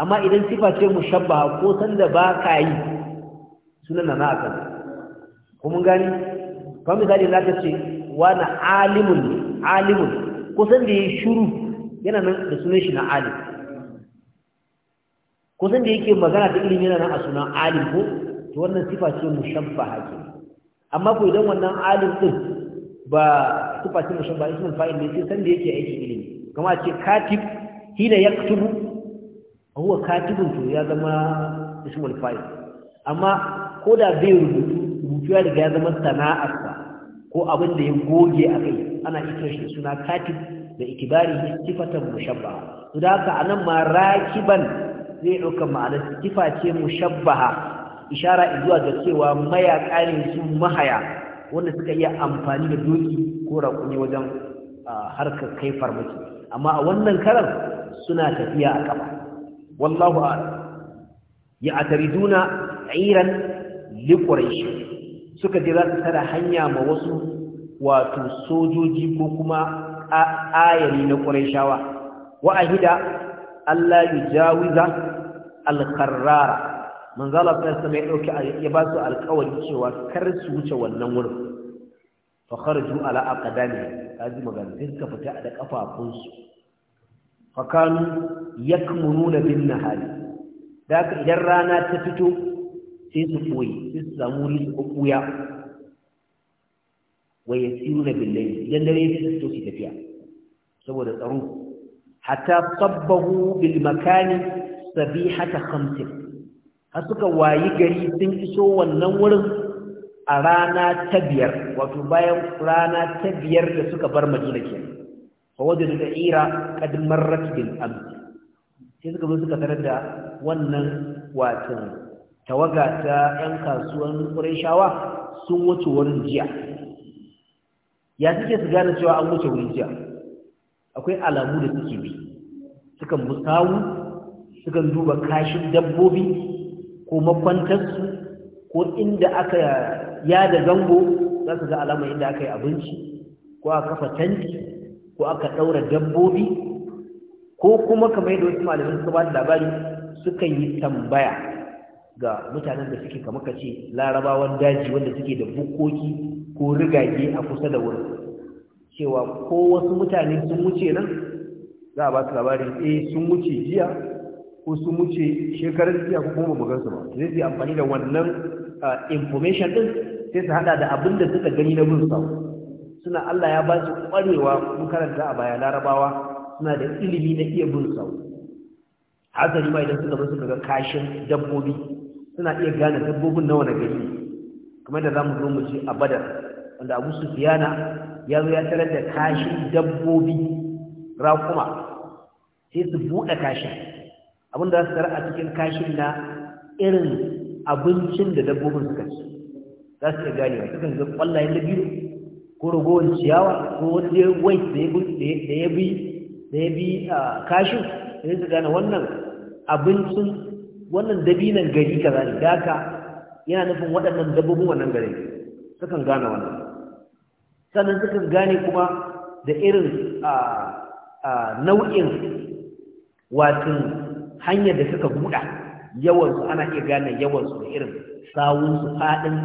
amma idan sifa ce mushabba ko san da ba ka yi sunan na naka kuma gani kuma misali za ka ce wani alimun alimun kusan da ya shuru yana nan da sunan shi na alim kusan da yake magana da ilimi yana nan a sunan alim ko to wannan sifa ce mushabbaha ke amma ko idan wannan alim din ba sifa ce mushabbaha ismul fa'il ne sai san da yake aiki ilimi kuma a ce katib hina yaktubu huwa katibun to ya zama ismul fa'il amma ko da zai rubutu rubutu ya riga ya zama sa ko abin da ya goge a kai ana ita shi suna katib da itibari sifatan mushabba Su da haka anan ma rakiban zai ɗauka ma'ana sifa ce mushabbaha ishara izuwa ga cewa mayaka ne su mahaya wanda suka iya amfani da doki ko raƙumi wajen harkar kai farmaki amma a wannan karan suna tafiya a kafa wallahu a'lam ya atariduna iran liƙurai suka je za tara hanya ma wasu wato sojoji ko kuma ayari na Wa wa'ahida Allah yi jawiza alkarrara Man sai sama ya ɗauki ya ba su alkawari cewa kar su wuce wannan wurin fa kharju ala aqdami kaji magana sai suka fita da kafafunsu fa kanu yakmununa bin hali da idan rana ta fito sai su koyi sai su samu wuri su kukuya wa ya tsiru na billahi idan dare ya to su tafiya saboda tsaro hatta sabbahu bil makani sabihata khamsin har suka wayi gari sun iso wannan wurin a rana ta biyar wato bayan rana ta biyar da suka bar madina kenan fawajen da ira kadin marrat bil amsi sai suka zo suka tarar da wannan watan tawaga ta 'yan kasuwan ƙurayshawa sun wuce wurin jiya ya suke su gane cewa an wuce wurin jiya akwai alamu da suke bi sukan musawu sukan duba kashin dabbobi ko makwantarsu ko inda aka yada zango za su ga alama inda aka yi abinci ko aka kafa tanki ko aka ɗaura dabbobi ko kuma kamar yadda wasu malamin suka ba da labari sukan yi tambaya ga mutanen da suke kama kace larabawan daji wanda suke da bukoki ko rigage a kusa da wurin cewa ko wasu mutane sun wuce nan za a ba su labarin eh sun wuce jiya ko sun wuce shekarar jiya ko kuma ba su ba zai fi amfani da wannan information din sai su hada da abin da suka gani na gunsa suna Allah ya ba su kwarewa mun karanta a baya larabawa suna da ilimi na iya bin sau hasali ma idan suka suka ga kashin dabbobi suna iya gane dabbobin nawa na gari kamar da zamu zo mu ci a badar wanda abu su fiyana ya zo ya tarar da kashin dabbobi raƙuma sai su buɗe kashin abin da za su tarar a cikin kashin na irin abincin da dabbobin suka ci za su iya ganewa sukan ga na biyu ko ragowar ciyawa ko wani da wai da ya bi ah, kashin sai su gane wannan abincin wannan dabinan gari ka ne da haka yana nufin waɗannan dabbobin wannan gari sukan gane wannan sannan sukan gane kuma da irin nau'in watin hanyar da suka buɗa yawansu ana iya gane yawansu da irin sawunsu faɗin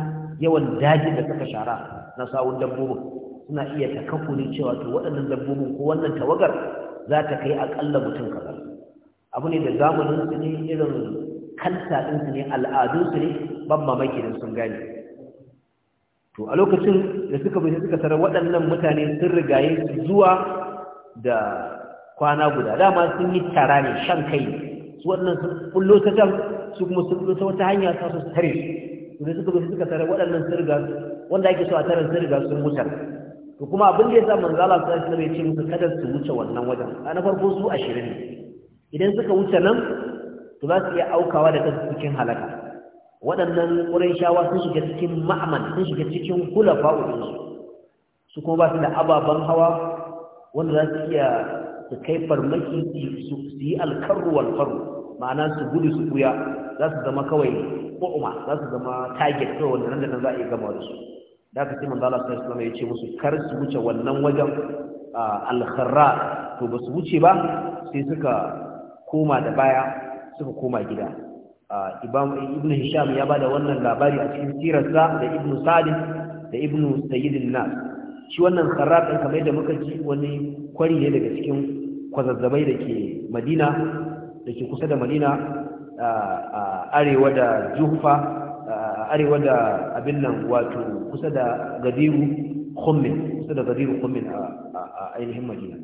yawan dajin da suka shara na sawun dabbobin suna iya takakuni cewa to waɗannan dabbobin ko wannan tawagar za ta kai aƙalla mutum kaza abu ne da zamanin su ne irin kanta ɗinsu ne al'adunsu ne ban mamaki da sun gane to a lokacin da suka bai suka sarar waɗannan mutane sun rigaye zuwa da kwana guda dama sun yi tara ne shan kai su waɗannan sun kullo ta can su kuma sun kullo ta wata hanya ta su tare su da suka bai suka sarar waɗannan sun riga wanda ake so a tarar sun riga sun mutar to kuma abin da ya sa manzo Allah sallallahu alaihi ya ce musu kada su wuce wannan wajen a na farko su 20 ne idan suka wuce nan to za su iya aukawa da kansu cikin halaka waɗannan shawa sun shiga cikin ma'aman sun shiga cikin hulafa uɗinsu su kuma ba su da ababen hawa wanda za su iya su kai farmaki su yi alkarru walfaru ma'ana su gudu su buya za su zama kawai ƙo'uma za su zama target kawai wanda nan da nan za a iya gama da su da aka ce manzo Allah sallallahu alaihi ya ce musu kar su wuce wannan wajen ah, alkharra to ba su wuce ba sai suka koma da baya suka koma gida ibn hisham ya bada wannan labari a cikin sirarsa da ibn salim da ibn sayyidin nas shi wannan kharrat din kamar da muka ji wani kwari ne daga cikin kwazazzabai da ke madina da ke kusa da madina arewa da jufa arewa da abin nan wato kusa da gadiru khummin kusa da gadiru khummin a ainihin madina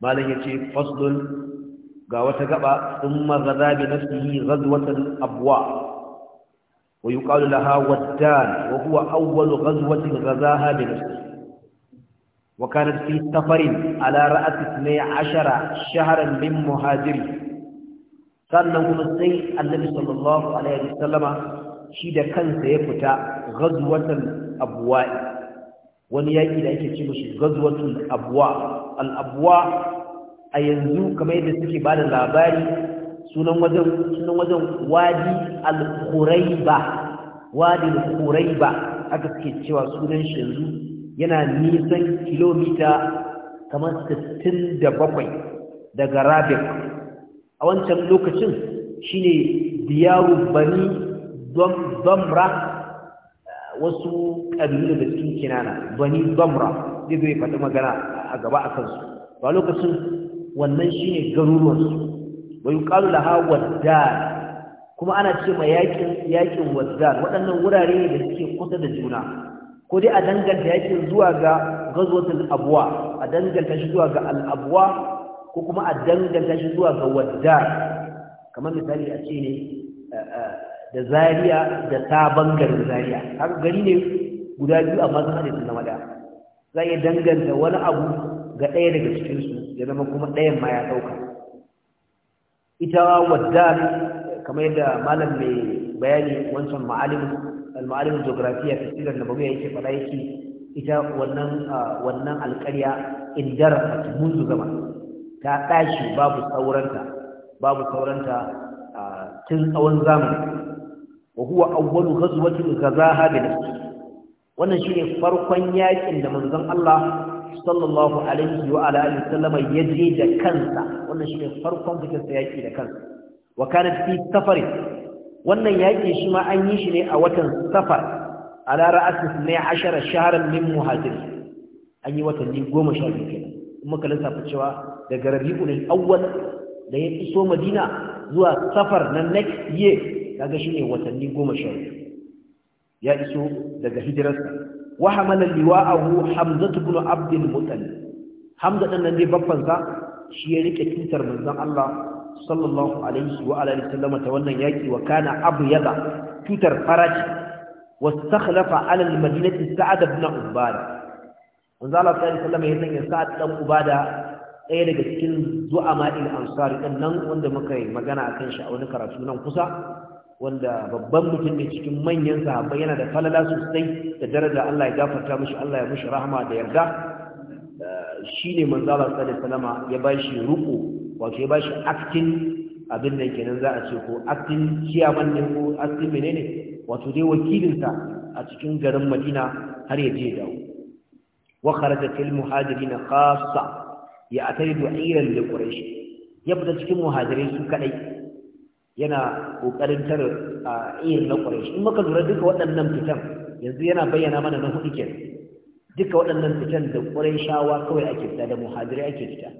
malam ya ce faslun ga wata gaba thumma ghadha bi nafsihi ghadwatan abwa wa yuqalu laha waddan wa huwa awwal ghadwatin ghadhaha bi nafsihi wa kanat fi safarin ala ra'ati ashara shahran min muhajiri sannan kuma sai annabi sallallahu alaihi wasallama shi da kansa ya fita ghadwatan abwa wani yaƙi da ake ce mishi shi abwa al'abuwa. a yanzu kamar yadda suke ba da labari sunan wajen sunan wajen wadi al-quraiba wadi al-quraiba aka suke cewa sunan shi yanzu yana nisan kilomita kamar 67 daga Rabik a wancan lokacin shine diyaru bani damra wasu kabilu da cikin kinana bani damra zai zai faɗi magana a gaba a kansu ba lokacin wannan shine garuruwan su wa yuqalu da waddar kuma ana ce ma yakin yakin waddar waɗannan wurare ne da suke kusa da juna ko dai a danganta yakin zuwa ga ghazwatul abwa a danganta shi zuwa ga al'abuwa, ko kuma a danganta shi zuwa ga waddar kamar misali a ce ne eh, eh, da Zariya da sabon garin Zariya. haka gari ne guda biyu amma sun haɗe su zama da. za a danganta wani abu ga ɗaya daga cikinsu ya zama kuma ɗayan ma ya ɗauka ita wadda kamar yadda malam mai bayani wancan ma'alimin al-ma'alimin geografiya tafsirar nabawiya yake faɗa yake ita wannan wannan alƙarya indara munzu zaman ta tashi babu sauranta babu sauranta tun tsawon zamani wa huwa awwalu ghazwatin ghazaha bi nafsi wannan shine farkon yakin da manzon Allah sallallahu alaihi wa ala alihi sallama yaje da kansa wannan shine farkon fitar sa yaki da kansa wa kana fi safari wannan yaki shi ma an yi shi ne a watan safar ala ra'as 12 shahran min muhajir an yi watanni 12 kenan kuma kallon safa cewa daga rabiul awwal da ya iso madina zuwa safar na next year kaga shine watanni 12 ya iso daga hijirarsa wa hamala liwa'ahu hamzatu ibn abd al-muttalib hamza dan nan ne babban shi ya rike tutar manzon Allah sallallahu alaihi wa alihi wasallam ta wannan yaki wa kana Abu abyada tutar faraji wastakhlafa ala al-madinati sa'ad ibn ubada manzon Allah sallallahu alaihi wasallam ya sanya sa'ad dan ubada ɗaya daga cikin zu'ama il ansari dan nan wanda muka yi magana akan shi a wani karatu nan kusa wanda babban mutum ne cikin manyan sahabbai yana da falala sosai da daraja Allah ya gafarta mishi Allah ya mishi rahama da yarda eh, shine manzo Allah sallallahu alaihi wasallam ya bashi ruku wato ya bashi acting abin da kenan za a ce ko acting chairman ne ko acting menene wato dai wakilinsa a cikin garin Madina har ya je dawo wa kharaja fil muhajirin khassa ya ataridu ayran li quraish ya fita cikin muhajirai su kadai yana ƙoƙarin tar a irin na ƙwarai in muka lura duka waɗannan fitan yanzu yana bayyana mana na hudu kenan duka waɗannan fitan da ƙwarai shawa kawai ake fita da muhajirai ake fita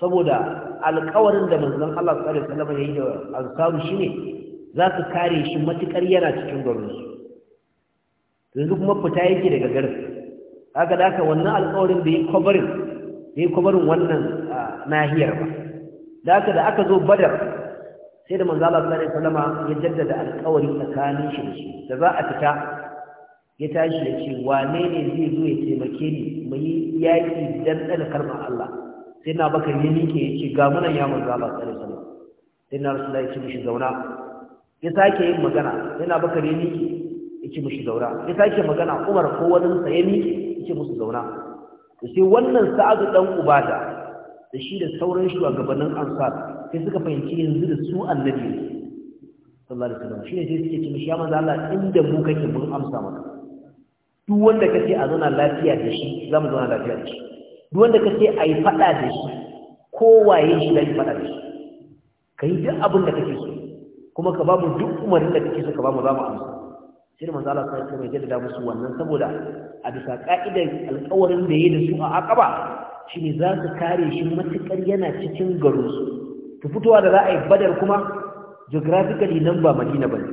saboda alƙawarin da manzon Allah sallallahu alaihi wasallam ya da ansaru shine za su kare shi matukar yana cikin su yanzu kuma fita yake daga garin haka da haka wannan alƙawarin da ya kwabarin da kwabarin wannan nahiyar ba Daka da aka zo badar sai da manzo Allah sallallahu alaihi wasallam ya jaddada alƙawari tsakanin shi da shi da za a fita ya tashi ya ce wane ne zai zo ya taimake ni mu yi yaƙi dan tsana karba Allah sai na bakar ya miki ya ce ga munan ya manzo Allah sallallahu alaihi wasallam sai na rasulullahi ya ce mishi zauna ya sake yin magana sai na bakar ya miki ya ce mishi zauna ya sake magana Umar ko wani sa ya miƙe ya ce musu zauna to sai wannan Sa'adu dan Ubada da shi da sauran shugabannin Ansar sai suka fahimci yanzu da su annabi ne sallallahu alaihi wasallam ne sai suke cewa mishi ya manzo Allah inda mu kake mun amsa maka duk wanda kace a zauna lafiya da shi za mu zauna lafiya da shi duk wanda kace a yi fada da shi kowaye shi da yi fada da shi kai duk abin da kake so kuma ka babu duk umarnin da kake so ka mu za mu amsa sai manzo Allah sai mai jaddada musu wannan saboda a bisa ka'idar alƙawarin da yayi da su a Aqaba ne za su kare shi matukar yana cikin garinsu to fitowa da za a yi badar kuma geographically nan ba madina ba ne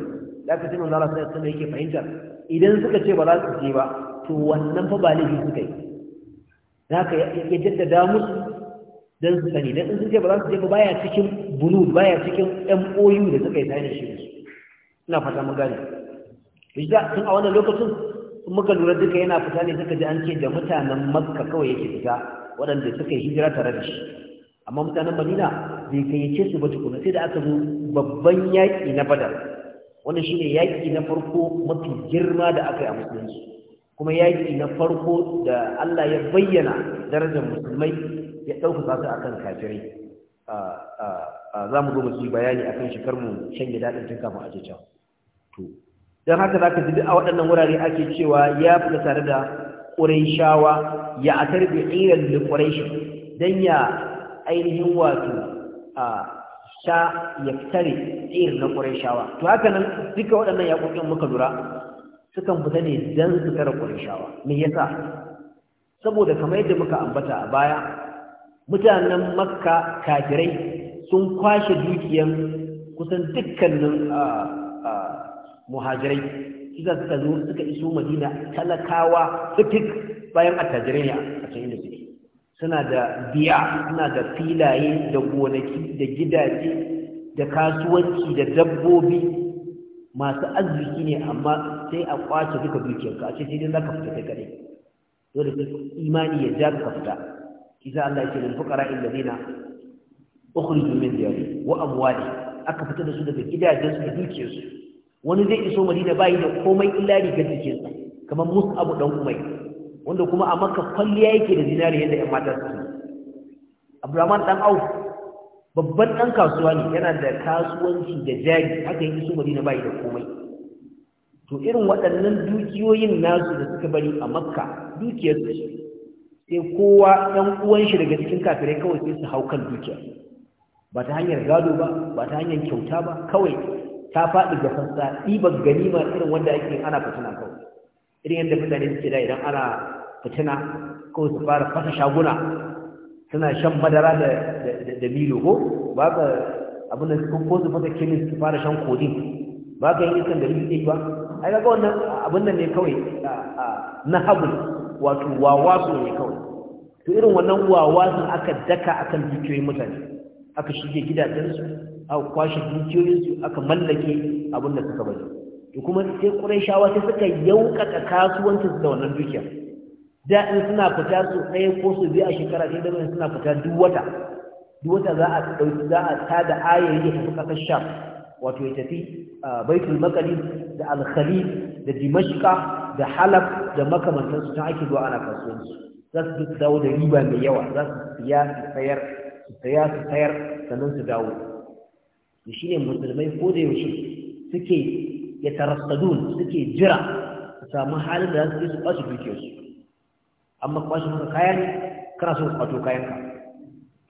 zaka ji manzo Allah sai sai yake fahimta idan suka ce ba za su je ba to wannan fa ba laifi suka yi zaka ya jaddada musu dan su sani dan sun ce ba za su je ba baya cikin bunud baya cikin MOU da suka yi tsayin shi ina fata mun gane yadda tun a wannan lokacin muka lura duka yana fita ne suka ji an ce da mutanen makka kawai yake fita waɗanda suka yi hijira tare da shi amma mutanen madina bai kayyace su ba tukuna sai da aka zo babban yaƙi na badar wannan shine yaƙi na farko mafi girma da aka yi a musulunci kuma yaƙi na farko da Allah ya bayyana darajar musulmai ya za su akan kafirai za mu zo mu yi bayani akan shekar mu shanye daɗin tun kafin a ce can to don haka za ka ji a waɗannan wurare ake cewa ya fi tare da shawa ya a bi ƙiran da shi don ya ainihin wato a sha fitare tsir na ƙwarishawa to haka nan duka waɗannan yaƙoƙin muka lura sukan fita ne don su tara ƙwarishawa me yasa saboda kamar yadda muka ambata a baya mutanen makka kafirai sun kwashe dukiyan kusan dukkanin muhajirai suka suka zo suka iso madina talakawa fitik bayan attajirai ne a cikin da suna da biya suna da filaye da gonaki da gidaje da kasuwanci da dabbobi masu arziki ne amma sai a kwace duka dukiyarka a ce sai dai za ka fita kai kadai dole sai imani ya ja ka fita kisa Allah yake lil fuqara alladhina ukhriju min diyari wa amwali aka fita da su daga gidajensu da dukiyarsu wani zai iso madina bayi da komai illa rigar sa, kamar abu dan umayya wanda kuma a maka kwalliya yake da zinari yadda ‘yan mata su abdurrahman dan auf babban ɗan kasuwa ne yana da kasuwanci da jari haka yi su madina bayi da komai to irin waɗannan dukiyoyin nasu da suka bari a makka dukiyar su sai kowa ɗan uwan shi daga cikin kafirai kawai sai su hau kan dukiyar ba ta hanyar gado ba ba ta hanyar kyauta ba kawai ta faɗi ga fasa ɗiban ganima irin wanda ake ana fitina kawai irin yadda mutane suke da idan ana fitina ko su fara fasa shaguna suna shan madara da milo ko ba ka abin da suka ko su fasa kemis su fara shan kodin ba ka yi iskan da rikice ba yi ga wannan abin nan ne kawai na hagu wato wawa su ne kawai to irin wannan wawa su aka daka akan dukiyoyin mutane aka shige gidajensu aka kwashe dukiyoyinsu aka mallake abin da suka bari da kuma sai ƙurayshawa sai suka yaukaka kasuwancin da wannan dukiya da in suna fita su ɗaya ko su biyu a shekara sai da suna fita duk wata duk wata za a ɗauki za a da ayayi ya tafi ƙasar sham wato ya tafi baitul makali da Alkali, da dimashqa da Halaf, da makamantansu ta ake zuwa ana kasuwanci za su dawo da riba mai yawa za su siya su sayar su saya su sayar sannan su dawo da shi ne musulmai ko da yaushe suke Ya yatarasadun suke jira su samu halin da za su je su kwace dukiyar su amma kwace maka kayan kana so kwato kayan ka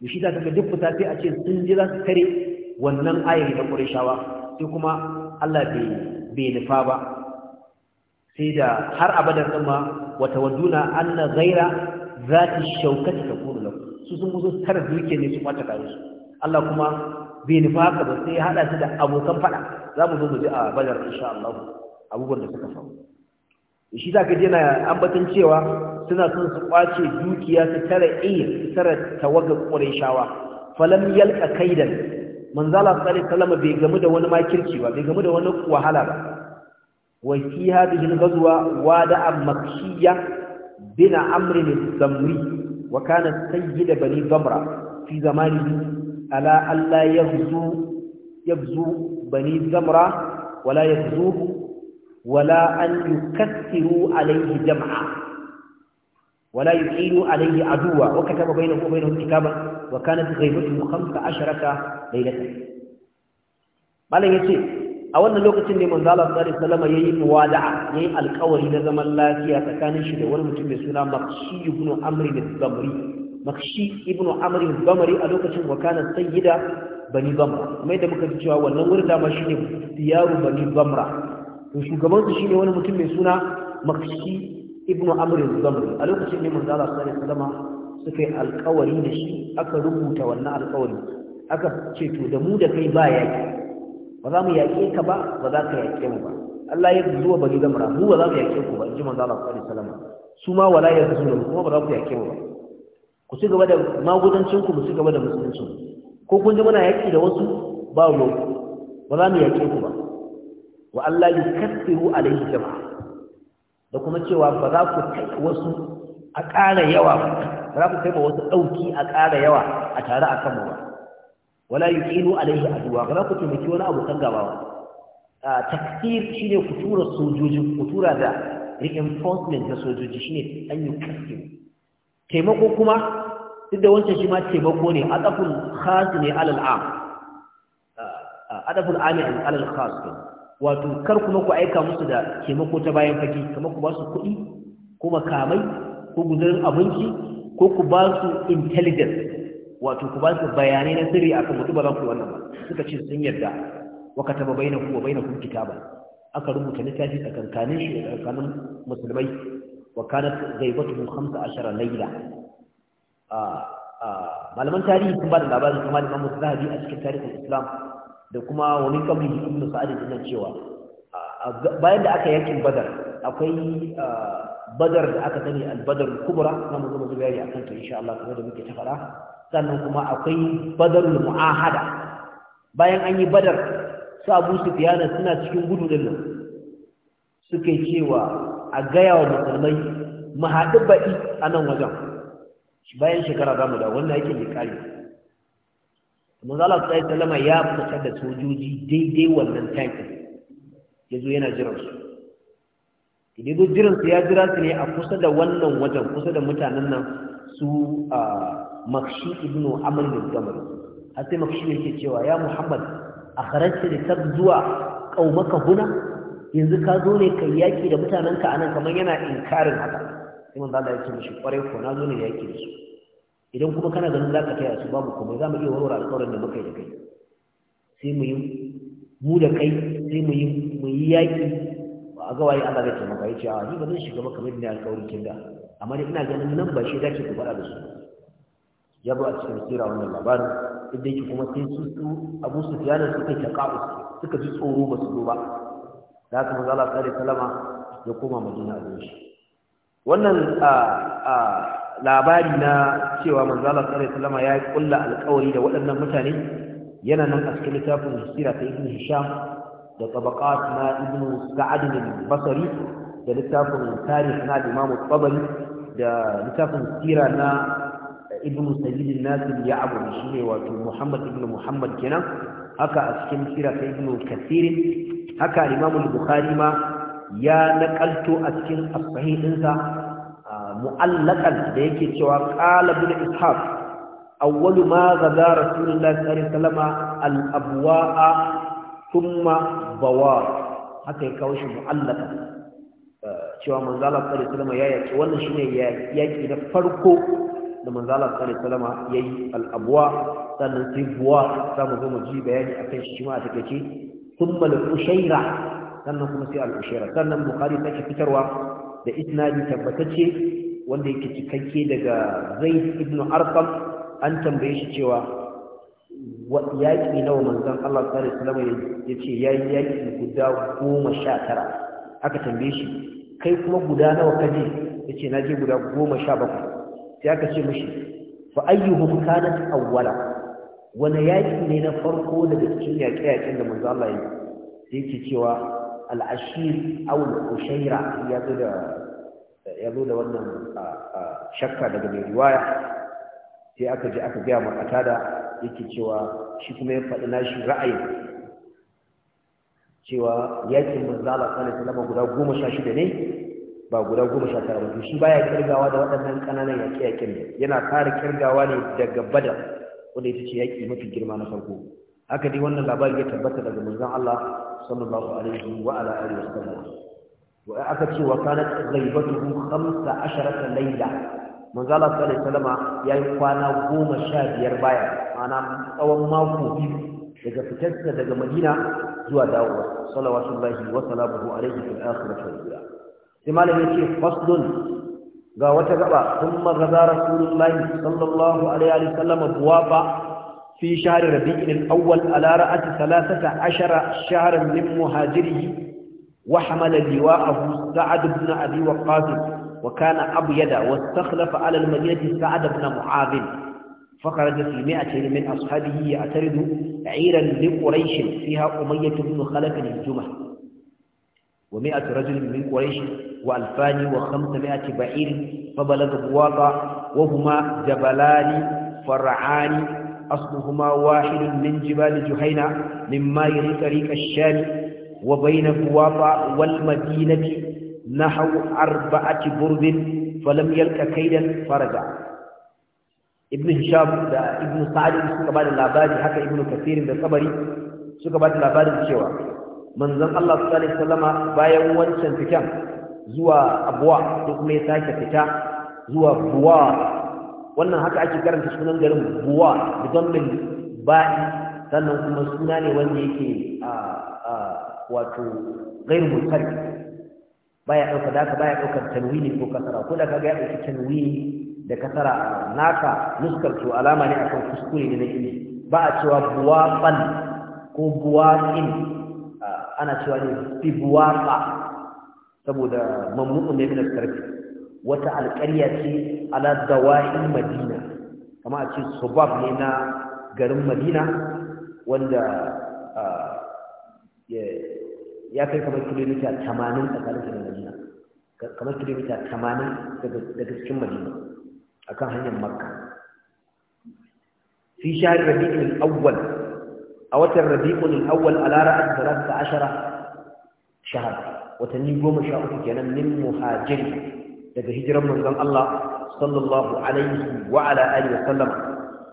to shi ta kaga duk fita sai a ce sun ji za su kare wannan ayari na shawa. sai kuma Allah bai bai nufa ba sai da har abadan din ma wa tawadduna anna ghaira zati ta kuru lahu su sun musu tara dukiyar ne su kwace kayan su Allah kuma bai nufa haka ba sai ya hada su da abokan faɗa. za mu zo mu ji a badar insha Allah abubuwan da suka faru shi za ka jina ambatan cewa suna son su kwace dukiya su tara iya su tara tawagar falam yalka kaidan manzala sallallahu alaihi bai gamu da wani makirci ba bai gamu da wani wahala ba wa fi hadhihi al-ghazwa wada'a makshiyya bin amr al-zamri wa kana sayyid bani zamra fi zamani ala alla yahzu yabzu bani zamra wala yazuhu wala an yukassiru alayhi jam'a wala yuqilu alayhi aduwa wa kataba bainahu wa bainahu kitaban wa kanat ghaibatuhu 15 laylatan malan yace a wannan lokacin ne manzo Allah sallallahu alaihi wasallam yayi muwada'a yayi alƙawari na zaman lafiya tsakanin shi da wani mutum mai suna Makshi ibn Amr bin Zamri Makshi ibn Amr bin Zamri a lokacin wa kana sayyida bani bamra kuma yadda muka ji cewa wannan wurin dama shi ne diyaru bani bamra to shugabansu shi ne wani mutum mai suna makshi ibnu amrin zamri a lokacin ne manzo Allah sallallahu alaihi wasallam suka yi alƙawari da shi aka rubuta wannan alƙawari aka ce to da mu da kai ba yaki ba za mu yaƙe ka ba ba za ka yaƙe mu ba Allah ya zuwa bani zamra mu ba za mu yaƙe ku ba in ji manzo Allah sallallahu alaihi wasallam su ma wala ya zuwa kuma ba za ku yaƙe mu ba ku ci gaba da magudancin ku mu ci gaba da musuluncin ko kun ji muna yaƙi da wasu ba mu ba za mu yaƙe ku ba wa Allah ya kaffiru alaihi jama'a da kuma cewa ba za ku kai wasu a ƙara yawa ba za ku kai wasu ɗauki a ƙara yawa a tare a kanmu ba wala yuqilu alaihi adwa ba za ku taimaki wani abu kan gaba ba takfir shine ku tura sojoji ku tura da reinforcement da sojoji shine an yi kaffiru taimako kuma duk wancan shi ma taimako ne adaful khas ne alal am ah, adaful ami alal khas wato kar kuma ku aika musu da taimako ta bayan fage kamar ku ba su kuɗi ko makamai ko guzurin abinci ko ku ba su intelligence wato ku ba su bayanai na sirri kan mutum ba za ku wannan ba suka ce sun yarda wa kataba bainakum wa bainakum kitaban aka rubuta littafi tsakankanin shi da tsakanin musulmai wa hamsa ghaibatuhum 15 layla malaman tarihi sun ba da labarin kamar da mamu a cikin tarihin islam da kuma wani kamar ibn sa'ad da cewa bayan da aka yankin badar akwai badar da aka sani albadar kubra na mu zama a akan to insha Allah kamar da muke ta sannan kuma akwai da mu'ahada bayan an yi badar su Abu Sufyan suna cikin gudu da nan suke cewa a gaya wa musulmai mu haɗu baɗi a nan wajen bayan shekara za mu da wannan yake bai manzo Allah sallallahu alaihi ya fitar da sojoji daidai wannan tankin yazo yana jiran su idan go jiran su ya jira su ne a kusa da wannan wajen kusa da mutanen nan su a makshi ibnu amr bin gamar har sai makshi yake cewa ya muhammad a li tabdua qaumaka huna yanzu ka zo ne kai yaki da mutanen mutanenka anan kamar yana inkarin haka sai manzo Allah ya ce mishi kwarai ko na zo ne yake da su idan kuma kana ganin zaka taya su babu kuma za mu iya warware alƙawarin da muka yi da kai sai mu yi mu da kai sai mu yi mu yi yaki a ga waye Allah zai taimaka yace a ni ba zan shiga maka mai alƙawarin kin da amma dai ina ganin nan ba shi dace ku fara da su ya ba a kira wannan labarin idan yake kuma sai su su Abu Sufyan kai ta ka'u suka ji tsoro ba su zo ba da kuma manzo Allah sallallahu alaihi wasallama ya koma Madina a gurin shi wannan labari na cewa manzala sallallahu Salama ya kulla alƙawari da waɗannan mutane yana nan a cikin littafin sira ta ibn hisham da tabaqat na ibn sa'ad al-basri da littafin tarikh na imam tabari da littafin sira na ibn sayyid an-nasir ya'bu shine wato muhammad ibn muhammad kenan haka a cikin sira ta ibn kathir haka imam al-bukhari ma ya nakalto a cikin as-sahihinsa mu'allaqan da yake cewa qala bin ishaq awwalu ma ghada rasulullahi sallallahu alaihi wasallam al abwa'a thumma bawa haka ya kawo shi eh, cewa manzo Allah sallallahu alaihi wasallam ya yaki wannan shine yaki na farko da manzo Allah sallallahu alaihi wasallam yayi al abwa sannan sai buwa za mu zo mu ji bayani akan shi ma a takeice thumma al ushaira sannan kuma sai al ushaira sannan bukhari take fitarwa da isnadi tabbatacce wanda yake cikakke daga zai ibn arqam an tambaye shi cewa yaƙi nawa manzon Allah sallallahu alaihi wasallam ya yayi yaƙi guda goma sha tara? aka tambaye shi kai kuma guda nawa ka je? kaje na je guda goma 17 sai aka ce mishi fa ayyuhum kanat awwala wani yaƙi ne na farko daga cikin yaƙe-yaƙen da manzon Allah ya yi yake cewa al-ashir aw al-ushaira ya zo da ya zo da wannan shakka daga mai riwaya sai aka je aka gaya makata da yake cewa shi kuma ya faɗi nashi ra'ayin cewa yakin manzo Allah sallallahu alaihi guda goma sha shida ne ba guda goma sha tara ba shi baya kirgawa da waɗannan ƙananan yaƙe yaƙin ne yana fara kirgawa ne daga badar wanda ita ce yaƙi mafi girma na farko haka dai wannan labari ya tabbata daga manzon Allah sallallahu alaihi wa ala alihi wasallam wa aka ce wa kanat ghaibatuhu 15 layla manzo Allah sallallahu alaihi wasallama yayi kwana 15 baya ma'ana tsawon mako biyu daga fitarsa daga Madina zuwa dawowa salawatullahi wa salamuhu alaihi fil akhirati wal ula sai malam ce faslun ga wata gaba kuma gaza rasulullahi sallallahu alaihi wa wasallama buwaba في شهر ربيع الأول على رأس ثلاثة عشر شهرا من مهاجره وحمل لواءه سعد بن أبي وقاص وكان أبيض واستخلف على المدينة سعد بن معاذ فخرج في مئة من أصحابه يعترض عيرا لقريش فيها أمية بن خلف الجمح ومئة رجل من قريش وألفان وخمسمائة بعير فبلغ بواطا وهما جبلان فرعان أصلهما واحد من جبال جهينة مما يريك ريك الشام wa bayna buwafa wal madinati نحو أربعة برد فلم يلك كيدا فرجع ابن هشام دا ابن سعد suka bada labari haka ibn kathir da sabari suka bada labarin cewa manzon Allah sallallahu alaihi bayan wancan fitan zuwa abwa duk ya sake fita zuwa buwa wannan haka ake karanta sunan garin buwa da min ba'i sannan kuma suna ne wanda yake a ah, ah, wato gairu mutarki baya ɗauka da baya ɗaukar tanwini ko kasara ko da ka ya ɗauki tanwini da kasara naka nuskar to alama ne akan kuskure ne na ilimi ba a cewa buwaqan ko buwaqin ana cewa ne bi saboda mamnu'un ne na sarfi wata alƙarya ce ala dawahin madina kama a ce subab ne na garin madina wanda ya kai kamar kilomita tamanin tsakanin da madina kamar kilomita tamanin daga cikin madina kan hanyar makka fi shahar rabi'ul awwal a watan rabi'ul awwal ala ra'at talata ashara shahar watanni goma sha uku kenan min muhajir daga hijiran manzon Allah sallallahu alaihi wa ala alihi wa sallam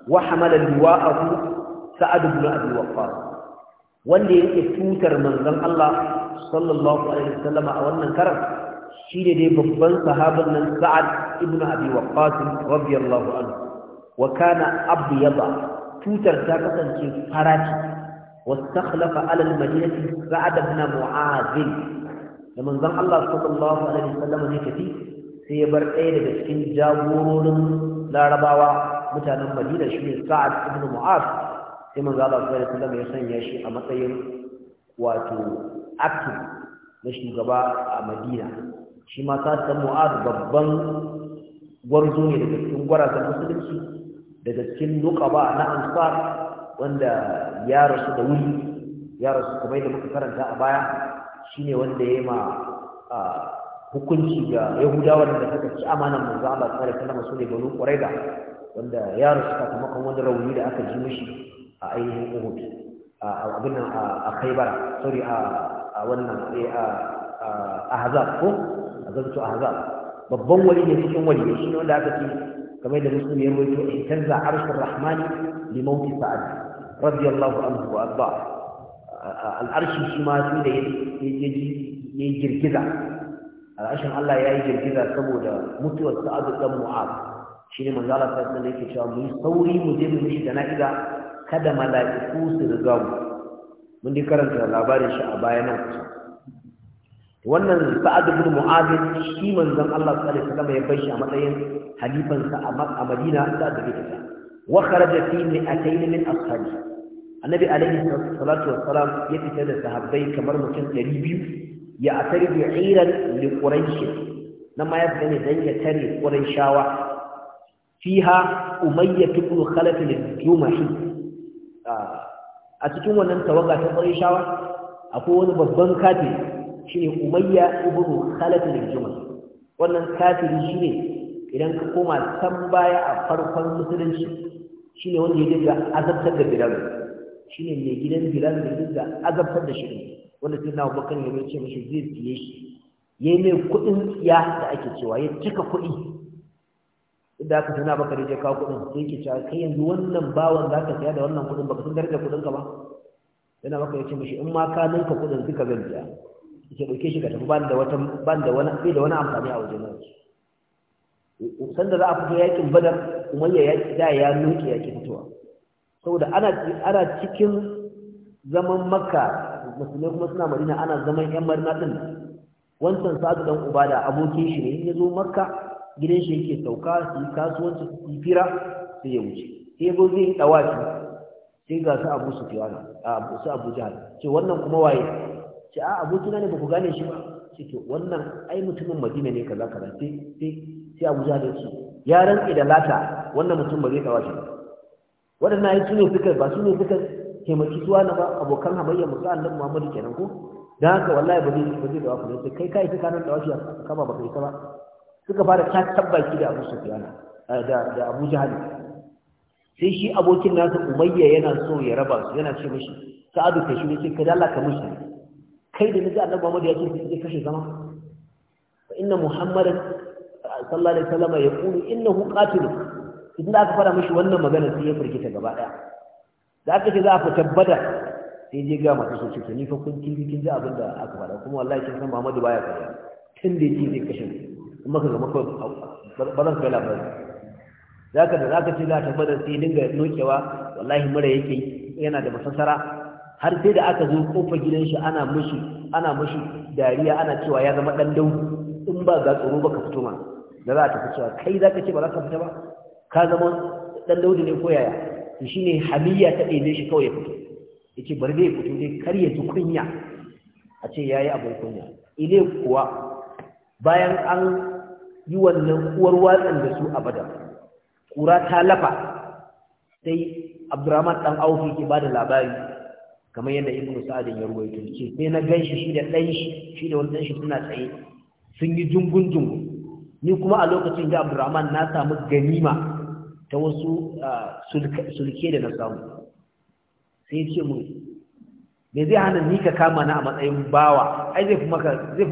wa hamala liwa'ahu sa'ad ibn abi waqqas wanda yake tutar manzon Allah sallallahu alaihi wasallam a wannan karan shi ne dai babban sahaban nan Sa'ad ibn Abi Waqqas radiyallahu anhu wa kana abyada tutar ta kasance farati wastakhlafa ala al-madinati Sa'ad ibn Mu'adh da manzon Allah sallallahu alaihi wasallam ne tafi sai ya bar ɗaya daga cikin jagororin Larabawa mutanen Madina shi ne Sa'ad ibn Mu'adh sai manzo Allah sallallahu alaihi mai ya sanya shi a matsayin wato active na shugaba a Madina shi ma ta san Mu'adh babban gwarzo ne daga cikin gwarazan musulunci daga cikin nuqaba na Ansar wanda ya rasu da wuri ya rasu kuma da muka karanta a baya shine wanda ya yi ma hukunci ga Yahudawa da suka ci amanan manzo Allah sallallahu alaihi wasallam su ne banu quraida wanda ya rasu sakamakon wani rauni da aka ji mishi a ainihin uhud a abin a khaibar sorry a wannan a hazab ko azabtu hazab babban wali ne cikin wali ne shine wanda aka ce kamar da muslim ya rawaito in kanza arshur rahmani li mawti sa'ad radiyallahu anhu wa arda al'arshi shi ma sai da ya girgiza al'arshin Allah ya yi girgiza saboda mutuwar sa'ad dan mu'ad shine manzo Allah sallallahu alaihi yake cewa mu sauri mu je mu mishi da na'iza kada mala'iku su riga mu mun dai karanta labarin shi a baya wannan sa'ad ibn mu'adh shi manzon Allah sallallahu alaihi wasallam ya bar shi a matsayin halifansa a Madina sa'ad bin Mu'adh wa kharaja fi mi'atayn min ashabi annabi alaihi salatu wassalam ya fita da sahabbai kamar mutum 200 ya atari bi iran li quraish nan ma ya fita ne dan ya tare qurayshawa fiha umayyah ibn khalaf al-jumahi a cikin wannan tawaga ta Qurayshawa akwai wani babban kafiri shine Umayya ibn Khalaf bin jumal wannan kafiri shine idan ka koma san baya a farkon musulunci shine wanda ya dinga azabtar da Bilal shine mai gidan Bilal da dinga azabtar da shi wanda sai na Abubakar ya ce mishi zai siye shi yayi mai kudin tsiya da ake cewa ya cika kudi da aka tana baka da kawo kudin sai ke ta kai yanzu wannan bawan za ka saya da wannan kudin baka san darajar kudin ka ba yana baka ya ce mishi in ma ka ninka kudin duka zan biya ya dauke shi ka tafi ban da wata ban da wani sai da wani amfani a wajen nan san da za a fito yakin badar umayya ya da ya nuke yaki fitowa saboda ana ana cikin zaman makka musulmai kuma suna madina ana zaman yan marina din wancan sa'adu dan ubada abokin shi ne ya zo makka gidan shi yake sauka su yi kasuwanci su yi fira su ya wuce sai ya zai yi ɗawaci. sai ga su abu su fiwana a su abu jihar ce wannan kuma waye ce a abokina ne ba ku gane shi ba ce ce wannan ai mutumin madina ne kaza kaza sai sai abu jihar ya ce ya rantsi da lata wannan mutum ba zai ɗawafi ba waɗannan ai su ne suka ba su ne suka taimaki suwa na ba abokan hamayya musu annabi muhammadu kenan ko da haka wallahi ba zai ba zai dawa ku ne kai kai ka nan dawa shi kama ba kai ka ba suka fara ta tabbaki da abu sufiyana eh, da abu jihali sai shi abokin nasa umayya yana so ya raba su yana ce mashi sa'adu ta shi ne ce ka dala ka mushi kai da naji annabi Muhammadu ya ce sai kashe zama fa inna muhammadan eh, sallallahu alaihi wasallam yaqulu innahu qatil idan aka fara mashi wannan magana sai ya firgita gaba daya da aka ce za a fita bada sai je ga masu so ce ni fa kun kin kin ji abin da aka fara kuma wallahi kin san Muhammadu baya kariya tun da yake zai kashe maka ka gama kawai ba zan kai labari za ka da za ka ce za ta bada sai dinga nokewa wallahi mura yake yana da masassara har sai da aka zo kofar gidan shi ana mushi ana mushi dariya ana cewa ya zama dan dau in ba ga tsoro ba ka fito ma da za ta fi cewa kai za ka ce ba za ka fita ba ka zama dan daudi ne ko yaya to shine hamiya ta ne shi kawai ya fito yace bari dai fito dai kar ya ji kunya a ce yayi abin kunya ile kuwa bayan an yi wannan kuwar watsan da su abada kura ta lafa sai abdurrahman dan aufi ke bada labari kamar yadda ibnu sa'adin ya ruwaito ce sai na ganshi shi da dan shi shi da wani shi suna tsaye sun yi jungun jungun ni kuma a lokacin da abdurrahman na samu ganima ta wasu sulke da na samu sai ce mu me zai hana ni ka kama na a matsayin bawa ai zai fi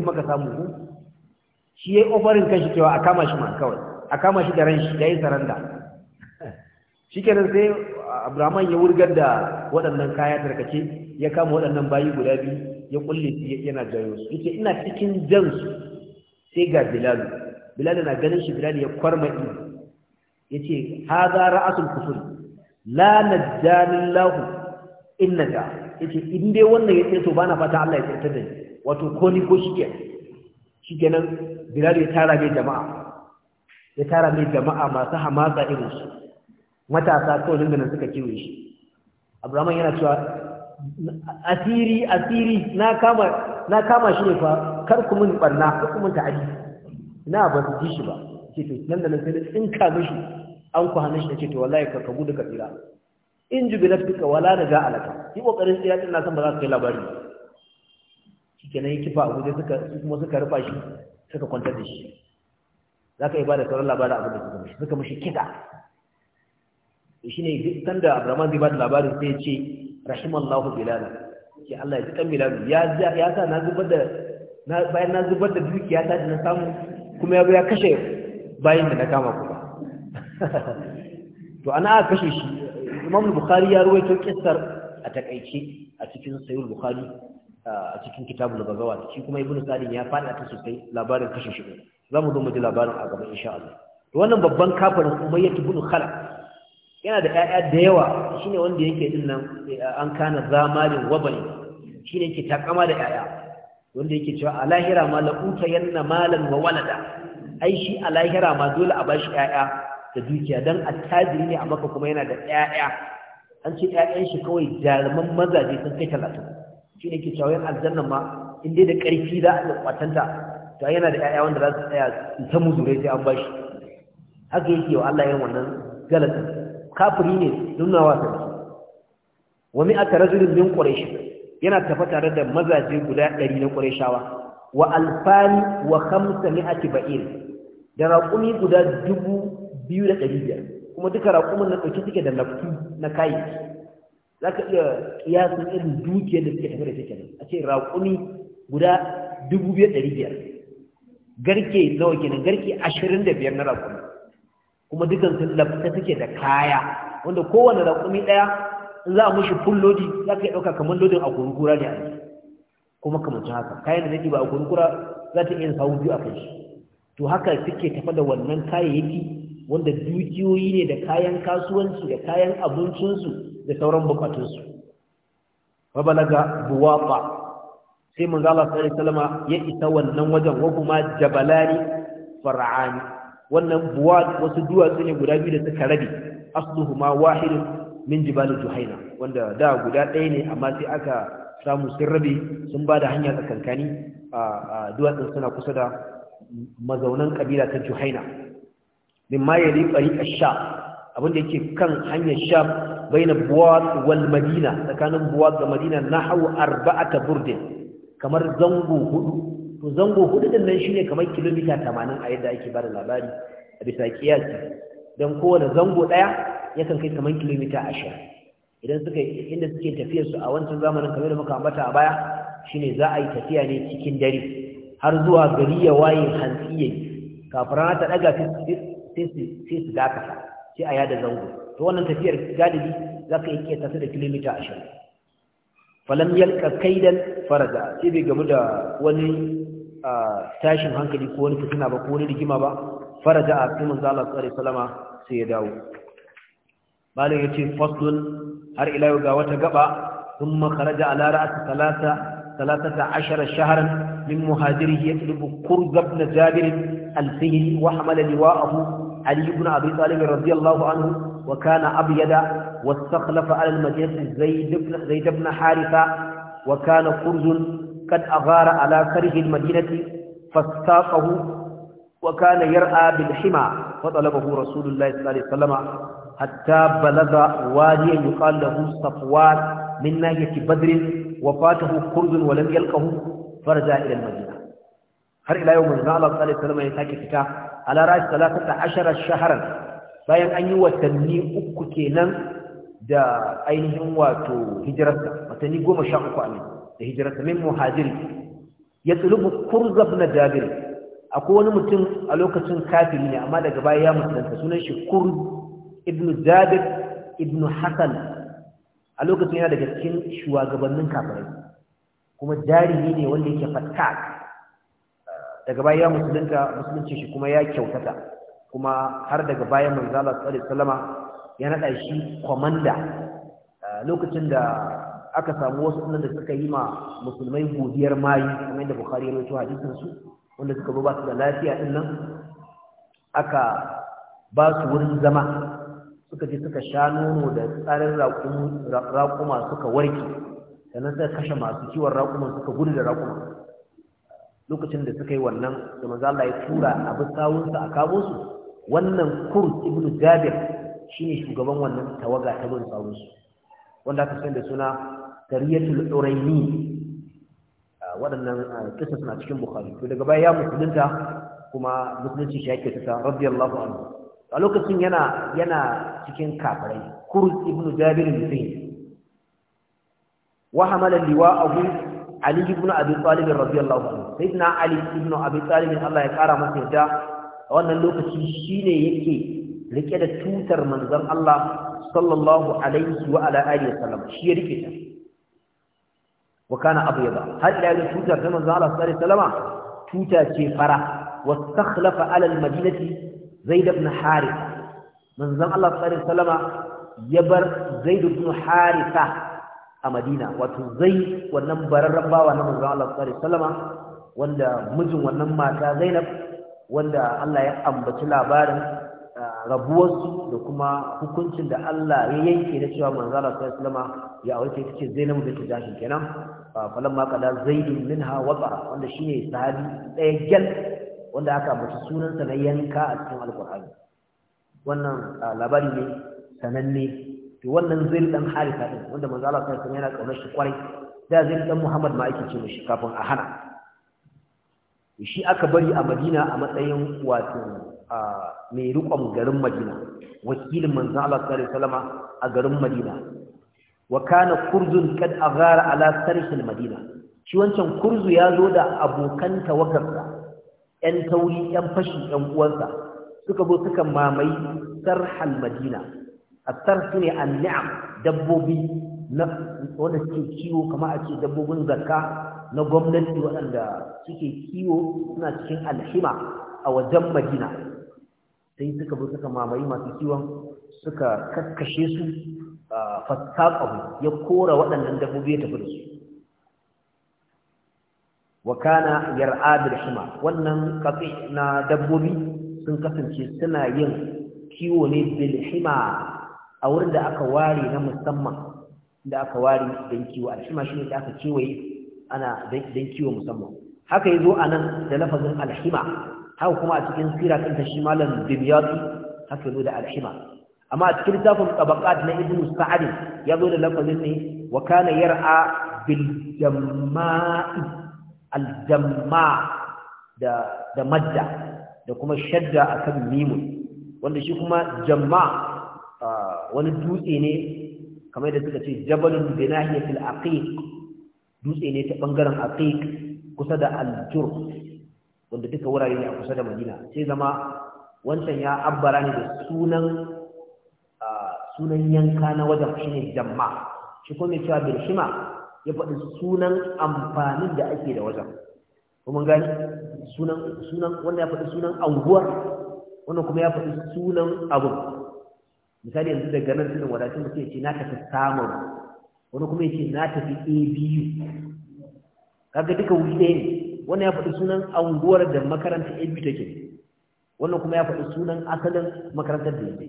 maka samu shi ya yi ofarin kan shi cewa a kama shi ma kawai a kama shi da ran shi ya yi saranda shi kenan sai abraman ya wurgar da waɗannan kaya tarkace ya kama waɗannan bayi guda biyu ya kulle su yana jayo su yace ina cikin jan su sai ga bilal bilal na ganin shi bilal ya kwarma ido yace hadha ra'asul kufr la najjani allah Ya ce in dai wannan ce to bana fata Allah ya tsirtar da ni wato ko ni ko shi kenan shi kenan bilal ya tara mai jama'a ya tara mai jama'a masu hamasa irin su matasa kawai nan suka kiwe shi abraman yana cewa asiri asiri na kama na kama shi ne fa kar ku mun barna ku ta ta'adi ina ba su ji shi ba ce to nan da nan sai in ka mishi an ku hanashi ce to wallahi ka kabu da kabira in jubilatka wala ga alaka yi kokarin tsira din na san ba za su kai labari ba kenan yake ba abu suka kuma suka rufa shi suka kwantar da shi za ka yi ba da sauran labarin abin da suka mishi suka mishi kiɗa shi ne duk da abraman zai ba da labarin sai ce rahimallahu bilal ke Allah ya ji kan bilal ya sa na zubar da bayan na zubar da dukiya ta da na samu kuma ya ya kashe bayan da na kama kuma to ana aka kashe shi imam bukhari ya ruwaito kissar a takaice a cikin Sayyid bukhari a cikin kitabu da bagawa shi kuma ibn sadin ya fada ta sosai labarin kashin shi zamu zo mu ji labarin a gaba insha Allah to wannan babban kafirin umayyah ibn khalaf yana da ƴaƴa da yawa shine wanda yake din nan eh, an kana zamalin wabani shine yake takama da ƴaƴa wanda yake cewa a lahira ma la uta yanna malan wa walada ai shi a lahira ma dole a bashi ƴaƴa da dukiya dan attajiri ne a maka kuma yana da ƴaƴa an ce ƴaƴan shi kawai jaruman mazaje sun kai talatu. shi ne ke cewa aljanna ma inda da ƙarfi za a kwatanta to yana da ƴaƴa wanda za su tsaya su ta zure sai an bashi haka yake wa Allah yin wannan galatin kafiri ne nuna wa sarki wa mi'ata rajulin min quraish yana tafa tare da mazaje guda 100 na qurayshawa wa alfan wa khamsa mi'ati ba'ir da raƙumi guda 2500 kuma duka raƙumin na dauke suke da laftu na kayi za ka iya kiyasin irin dukiyar da suke tafi da take a ce raƙuni guda dubu biyar ɗari biyar garke nawa kenan garke ashirin da biyar na raƙuni kuma dukkan sun labta suke da kaya wanda kowane raƙumi ɗaya in za a mushi full lodi za ka iya ɗauka kamar lodin a kurkura ne a yi kuma kamar ta haka kayan da nake ba a kurkura za ta iya samun biyu a kai shi to haka suke tafi da wannan kayayyaki wanda dukiyoyi ne da kayan kasuwanci da kayan abincinsu da sauran bukatunsu wa balaga sai manzo Allah sallallahu ya isa wannan wajen wa kuma jabalani far'ani wannan buwaq wasu duwatsu ne guda biyu da suka rabe asluhuma wahidun min jibal juhaina wanda da guda ɗaya ne amma sai aka samu sun rabe sun bada hanya tsakankani a duwatsun suna kusa da mazaunan kabila ta juhaina mimma yali tariqa sha abinda yake kan hanyar sham baina buwat wal madina tsakanin buwat da madina na nahawu arba'ata burdin kamar zango hudu to zango hudu din nan shine kamar kilomita tamanin a yadda ake bada labari a bisa kiyasi dan kowane zango daya yakan kai kamar kilomita ashirin, idan suka inda suke tafiyar su a wancan zamanin kamar da muka ambata a baya shine za a yi tafiya ne cikin dare har zuwa gari ya waye hantsi yayi kafin rana ta daga sai su dakata sai a yada zango to wannan tafiyar galibi za ka yi kiyata da kilomita ashirin falam yalka kaidan faraja sai bai gamu da wani tashin hankali ko wani fitina ba ko wani rigima ba faraja a cikin manzo Allah sallallahu alaihi sai ya dawo malam yace faslun har ila yau ga wata gaba thumma kharaja ala ra'si talata talatata ashara shahran min muhajirihi yatlubu qurb ibn jabir al-fihri wa hamala liwa'ahu ali ibn abi talib radiyallahu anhu وكان أبيض واستخلف على المدينة زيد بن, زيد بن حارثة وكان قرز قد أغار على كره المدينة فاستاقه وكان يرعى بالحمى فطلبه رسول الله صلى الله عليه وسلم حتى بلغ واديا يقال له صفوان من ناحية بدر وفاته قرز ولم يلقه فرجع إلى المدينة هل إلى يوم الله صلى الله عليه وسلم يتاكي على رأس ثلاثة عشر شهرا bayan an yi watanni uku kenan da ainihin wato hijirarsa watanni goma sha uku amin da hijirarsa min muhajiri ya tsulubu kurza na jabir akwai wani mutum a lokacin kafiri ne amma daga baya ya musulunta sunan shi kurz ibn jabir ibn hasan a lokacin yana daga cikin shugabannin kafirai kuma jariri ne wanda yake fatak daga baya ya musulunta musulunci shi kuma ya kyautata kuma har daga bayan Manzala Allah Salama ya naɗa shi kwamanda. Eh, lokacin da aka samu wasu da suka yi ma musulmai godiyar mayi kamar da Bukhari ya rawaito hadisin su wanda suka ba su da lafiya din nan aka ba su wurin zama suka je suka sha nono da tsarin raƙuma suka warke sannan suka kashe masu kiwon raƙuma suka gudu da raƙuma lokacin da suka yi wannan da maza Allah ya tura abu sawunsa a kamo wannan kurd ibn jabir shine shugaban wannan tawaga ta bin sauran su wanda aka san da suna tariyatul uraini waɗannan kisa suna cikin bukhari to daga baya ya musulunta kuma musulunci shi yake ta radiyallahu anhu a lokacin yana yana cikin kafirai kurd ibn jabir bin wa hamala liwa'ahu Ali ibn Abi Talib radiyallahu anhu sayyidina Ali ibn Abi Talib Allah ya kara masa yadda a wannan lokaci ne yake rike da tutar manzon Allah sallallahu alaihi wa ala alihi wasallam shi ya rike ta wa kana abyada har ila da tutar da manzan Allah sallallahu alaihi wa wasallama tuta ce fara wastakhlafa ala almadinati zaid ibn harith Manzan Allah sallallahu alaihi wa wasallama ya bar zaid ibn haritha a madina wato zai wannan bararrabawa na manzan Allah sallallahu alaihi wa wasallama wanda mijin wannan mata Zainab wanda Allah ya ambaci labarin rabuwarsu da kuma hukuncin da Allah ya yanke na cewa manzala sallallahu alaihi wasallam ya aure ta ce Zainab da Jahsh kenan falamma qada Zaid minha wata wanda shine sahabi ɗaya gyal wanda aka ambaci sunansa na yanka a cikin alkur'ani wannan labari ne sananne to wannan Zaid dan Haritha din wanda manzala sallallahu alaihi wasallam yana kaunar shi kwarai da Zaid dan Muhammad ma yake ce mishi kafin a hana shi aka bari a madina a matsayin wato mai rikon garin madina wakilin manzan Allah sallallahu Salama a garin madina wa kana kurzun a gara ala sarhil madina shi wancan kurzu ya zo da abokan tawakarsa yan tauri yan fashi yan uwansa suka zo suka mamayi sarhal madina A sarh ne an-ni'am dabbobi na wanda suke kiwo kamar a ce dabbobin zakka na gwamnati waɗanda suke kiwo suna cikin alhima a wajen madina sai suka bi suka mamaye masu kiwon suka kakkashe su fattaƙahu ya kora waɗannan dabbobi ya tafi da su wa kana yar'adul wannan kafi na dabbobi sun kasance suna yin kiwo ne bil hima a wurin da aka ware na musamman da aka ware don kiwo Alhima shi ne da aka kewaye ana dan kiwo musamman haka yazo nan da lafazin alhima haka kuma a cikin sira kanta shi malam dimyati haka yazo da alhima amma a cikin littafin tabaqat na ibnu ya yazo da lafazin ne wa kana yar'a bil jama'i al da da madda da kuma shadda akan mimun wanda shi kuma jama' ah, wani dutse ne kamar da suka ce jabalun binahiyatil aqiq dutse ne ta bangaren aqiq kusa da aljur wanda duka wurare ne a kusa da madina sai zama wancan ya abbara ne da sunan sunan yanka na wajen shine jamma shi kuma mai cewa birshima ya faɗi sunan amfanin da ake da wajen kuma gani sunan sunan wanda ya faɗi sunan anguwar wannan kuma ya faɗi sunan abu misali yanzu daga nan sunan wadatun mutum ya ce na ka ta samun wani kuma ya ce na tafi abu kaga duka wuri ɗaya ne wannan ya faɗi sunan anguwar da makaranta abu take wannan kuma ya faɗi sunan asalin makarantar da yake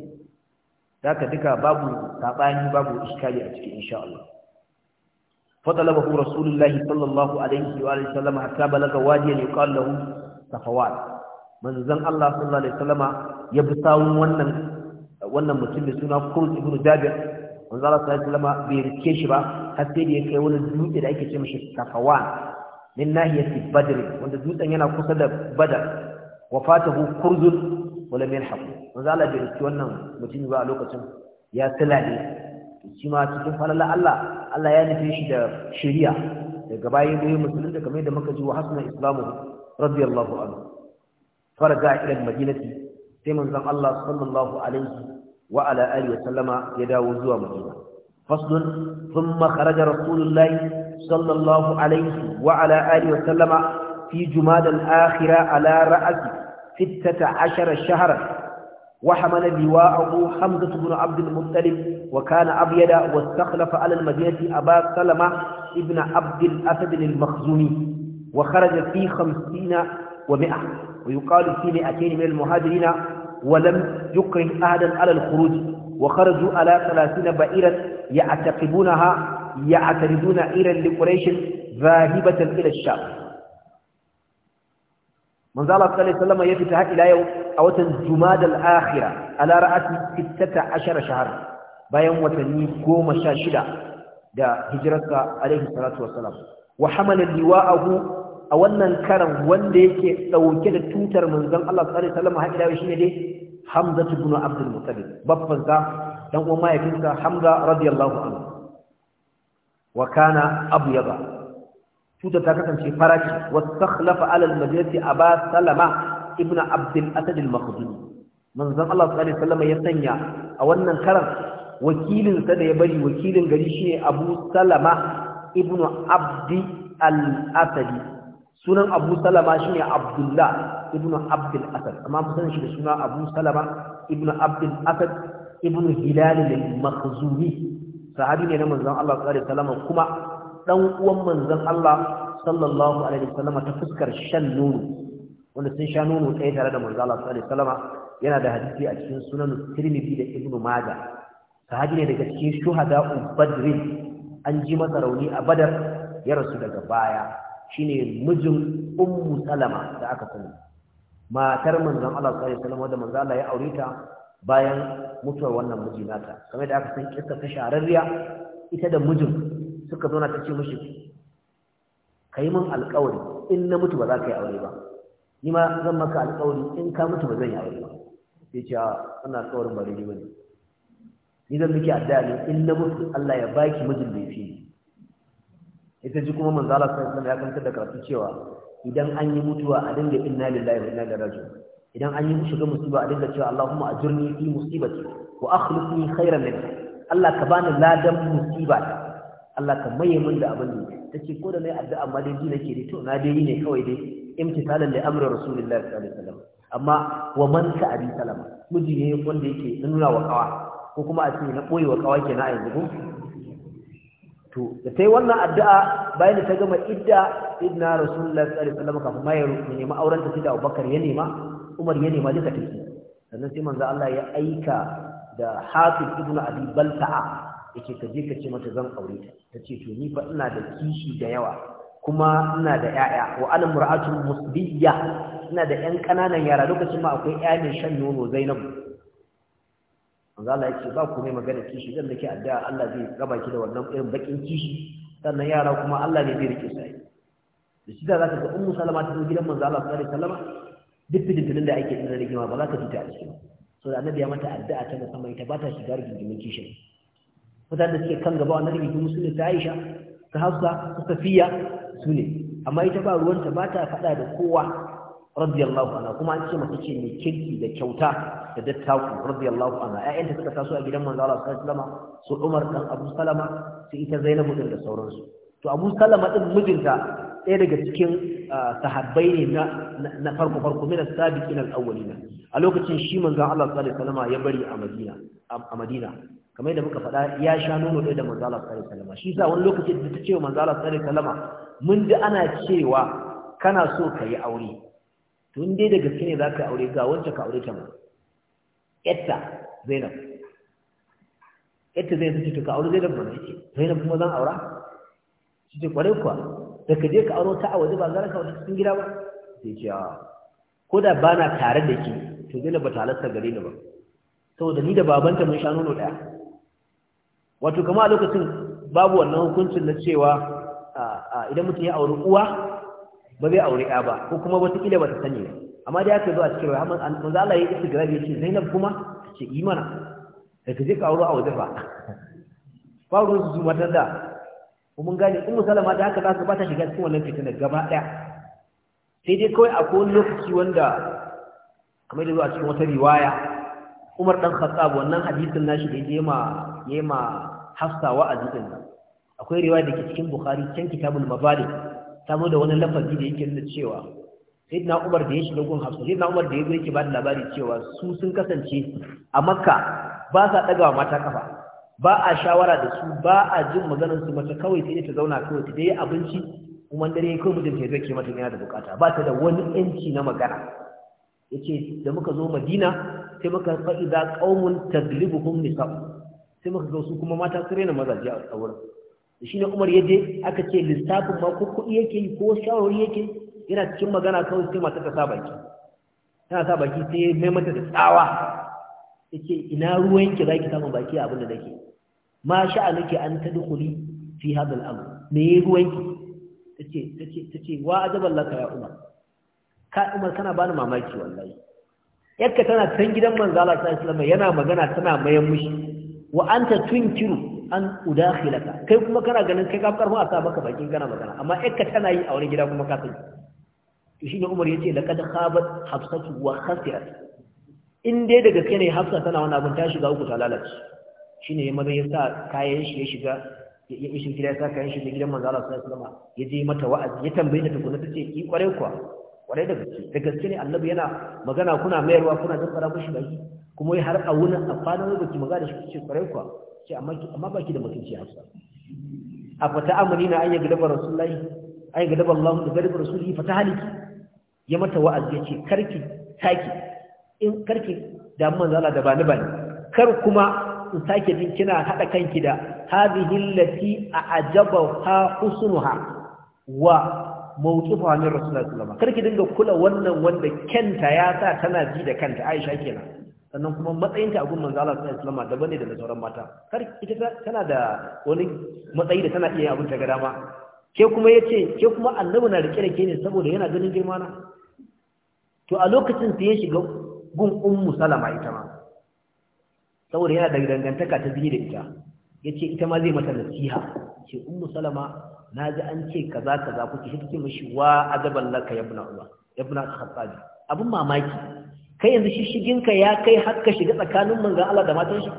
ka duka babu saɓani babu iskali a cikin insha Allah fadalabahu rasulullahi sallallahu alaihi wa alihi sallama hatta balaga wajiyan yuqalu lahu safawat manzon Allah sallallahu alaihi wa sallama ya bi sawun wannan wannan mutum mai suna Kurz ibn Jabir wanzu Allah sallallahu alaihi bai rike shi ba har sai da ya kai wani dutse da ake ce mishi Safawan min nahiyati Badr wanda dutsen yana kusa da Badr wafatahu kurzun wala min haqu wanzu Allah bai rike wannan mutum ba a lokacin ya tilale shi ma cikin falala Allah Allah ya nufi shi da shari'a daga bayan da musulunta kamar da muka ji wa hasna islamu radiyallahu anhu farga ila madinati sai manzon Allah sallallahu alaihi wa ala alihi wa sallama ya dawo zuwa madina faslun thumma kharaja rasulullahi sallallahu alaihi wa ala alihi wa sallama fi jumada al-akhira ala ra'si 16 shahran وحمل لواءه حمزة بن عبد المطلب وكان أبيض واستخلف على المدينة أبا سلمة ابن عبد الأسد المخزومي وخرج في خمسين ومئة ويقال في مئتين من المهاجرين ولم يكره أهدا على الخروج وخرجوا على ثلاثين بئيرا يعتقبونها يعترضون إلى لقريش ذاهبة إلى الشام من ذا الله صلى الله عليه وسلم يفتح إلى يوم أوة جماد الآخرة على رأس ستة عشر شهرا bayan watanni goma sha shida da hijirarsa alaihi salatu wasalam wa hamala liwa'ahu a wannan karan wanda yake dauke da tutar manzon Allah sallallahu Salama wasallam har ila ne dai Hamza ibn Abdul Muttalib babban sa dan uwan mahaifinsa Hamza radiyallahu anhu wa kana yaba, tutar ta kasance faraki wastakhlafa ala al-madinati Aba Salama ibn Abdul Asad al-Makhdumi manzon Allah sallallahu alaihi wasallam ya sanya a wannan karan wakilin sa da ya bari wakilin gari shi ne Abu Salama ibn Abdi al-Asadi sunan abu salama shi ne abdullah ibn abdul asad amma musan shi da suna abu salama ibn abdul asad ibn hilal al-makhzumi sahabi ne na manzon Allah sallallahu alaihi wasallam kuma dan uwan manzon Allah sallallahu alaihi wasallam ta fuskar shan nono wanda sun sha nono ɗaya tare da manzon Allah sallallahu alaihi wasallam yana da hadisi a cikin sunan Tirmidhi da Ibn Majah sahabi ne daga cikin shuhada Badr an ji masa rauni a Badar ya rasu daga baya shine mijin ummu salama da aka sani matar manzon Allah sallallahu alaihi wasallam da manzon Allah ya aure ta bayan mutuwar wannan miji nata kamar da aka san kissa ta shararriya ita da mijin suka zo na ta ce mishi kai min alƙawari in na mutu ba za ka yi aure ba ni ma zan maka alƙawari in ka mutu ba zan yi aure ba sai ce ana alƙawarin ba daidai ba ne ni zan miki addu'a ne in na mutu Allah ya baki mijin laifi ne. ita ji kuma manzo Allah sallallahu alaihi wasallam ya kantar da karatu cewa idan an yi mutuwa a dinga inna lillahi wa inna ilaihi idan an yi shiga musiba a dinga cewa Allahumma ajurni fi musibati wa akhlifni khairan minha Allah ka bani ladan musiba Allah ka maye min da abin da tace ko da nayi addu'a amma dai ji nake dai to na dai yi ne kawai dai imtisalan li amri rasulillahi sallallahu alaihi wasallam amma wa man ka abi salama miji ne wanda yake nuna wa kawa ko kuma a ce na boye wa kawa kenan a yanzu to da ta wannan addu'a bayan da ta gama idda idna rasulullahi sallallahu alaihi wasallam kafin ma ya auren ta sai da Abubakar ya nema Umar ya nema duka take sannan sai manzo Allah ya aika da Hafiz ibn Abi Balta'a yake ta je ka ce mata zan aure ta tace to ni fa ina da kishi da yawa kuma ina da yaya wa ana mur'atun musbiyya ina da ƴan kananan yara lokacin ma akwai ƴa mai shan nono Zainabu manzo Allah yake ba ku mai magana kishi dan nake addu'a Allah zai gaba ki da wannan irin bakin kishi sannan yara kuma Allah ne zai rike sai da shi da zaka ga ummu salama ta zo gidan manzo Allah sallallahu alaihi wasallam duk fitintunin da ake dinga rigima ba za ka fita a cikin so da annabi ya mata addu'a ta musamman ita ba ta shiga rigimin kishin mutanen da suke kan gaba wannan rigimin su ne ta Aisha ta Hafsa ta Safiya su ne amma ita ba ruwanta ba ta faɗa da kowa radiyallahu anha kuma an ce mace ce mai kirki da kyauta da dattaku radiyallahu anha ƴaƴanta suka taso a gidan manzo Allah sallallahu alaihi wasallam su Umar dan Abu Salama su ita Zainabu da sauransu to Abu Salama din mijinta ɗaya daga cikin sahabbai ne na na farko farko min as-sabiqin al-awwalina a lokacin shi manzo Allah sallallahu alaihi wasallam ya bari a Madina a Madina kamar da muka faɗa ya sha nono ɗaya da manzo Allah sallallahu alaihi wasallam shi yasa wani lokaci da ta ce manzo Allah sallallahu alaihi wasallam mun ji ana cewa kana so ka yi aure tun dai da gaske ne za ka aure ga wancan ka aure ta ma yatta zainab yatta zainab ce to ka aure zainab mana ce zainab kuma zan aura shi ce kwarai kuwa da ka je ka auro ta a waje ba zan ka wani cikin gida ba sai ce ko da ba na tare da ke to zainab ba ta halarta gari ni ba saboda ni da babanta mun sha nono daya wato kama a lokacin babu wannan hukuncin na cewa idan mutum ya auri uwa ba zai aure ya ba ko kuma wataƙila ba ta sani ba amma da yake zuwa cikin ruwa manzo Allah ya isa garabi yace Zainab kuma ce imana da kaje ka aure a waje ba faru su ta da mun gane ummu salama da haka za ka ta shiga cikin wannan fitina gaba daya sai dai kawai akwai wani lokaci wanda kamar da zuwa cikin wata riwaya Umar dan Khattab wannan hadisin nashi da yake ma yema Hafsa wa azizin akwai riwaya da ke cikin Bukhari can kitabul mabalik ta da wani lafazi da yake nuna cewa sayyidina Umar da ya shiga gun Hafsa sayyidina Umar da ya zo yake ba da labari cewa su sun kasance a Makka ba sa dagawa mata kafa ba a shawara da su ba a jin maganar su mace kawai sai ta zauna kawai ta dai abinci kuma dare kai mutum ke mata yana da bukata ba ta da wani yanci na magana yace da muka zo Madina sai muka fa idza qaumun taglibuhum nisa sai muka ga su kuma mata su rena mazaje a wurin ne Umar yaje aka ce lissafin ma ko kudi yake yi ko shawari yake yana cikin magana kawai sai matar ta sa baki tana sa baki sai mai mata da tsawa yake ina ruwanki zaki samu baki abin da nake ma sha'anuki an tadkhuli fi hadha al-amr me ruwanki tace tace tace wa ajaban laka ya umar ka umar kana bani mamaki wallahi yakka tana san gidan manzo Allah sallallahu alaihi wasallam yana magana tana mayan mushi wa anta tunkiru an udakhilaka kai kuma kana ganin kai ka karfa a sa maka bakin kana magana amma yakka tana yi a wani gida kuma ka sani to ne Umar yace laqad khabat hafsatu wa khasirat in dai daga kai ne hafsa tana wani abin ta shiga uku ta lalace shine ya maza ya sa kayan shi ya shiga ya ishi gida ya sa kayan shi da gidan manzo Allah sallallahu alaihi wasallam ya je mata wa'azi ya tambaye ta tukuna tace ki eh, kware kuwa kware da gaske da gaske ne annabi yana magana kuna mayarwa kuna jin fara mushi baki kuma wai har a wurin a kwanan baki magana shi kice kware kuwa ce amma amma baki da mutunci hafsa a fata amrina ayyaka da rasulullahi ayyaka da Allah da garbar rasulihi fata haliki ya mata wa'azi ya ce karki taki in karki damu manzo Allah da bani bani kar kuma in sake jin kina hada kanki da hadhihi allati a'jabaha husnuha wa mawqifuha min rasulullahi sallallahu alaihi karki dinga kula wannan wanda kenta ya sa tana ji da kanta Aisha kenan sannan kuma matsayinta a gun manzo Allah sallallahu alaihi daban ne da sauran mata kar ita tana da wani matsayi da tana iya abin ta ga dama ke kuma yace ke kuma annabi na rike da ke ne saboda yana ganin girma na to a lokacin sai ya shiga gun ummu salama ita ma saboda yana da dangantaka ta zini da ita ya ce ita ma zai mata nasiha ce ummu salama na ji an ce kaza kaza kuke shi kuke mishi wa azaban laka ya buna uwa ya buna khattabi abin mamaki kai yanzu shishigin ka ya kai har ka shiga tsakanin manzon Allah da matan shi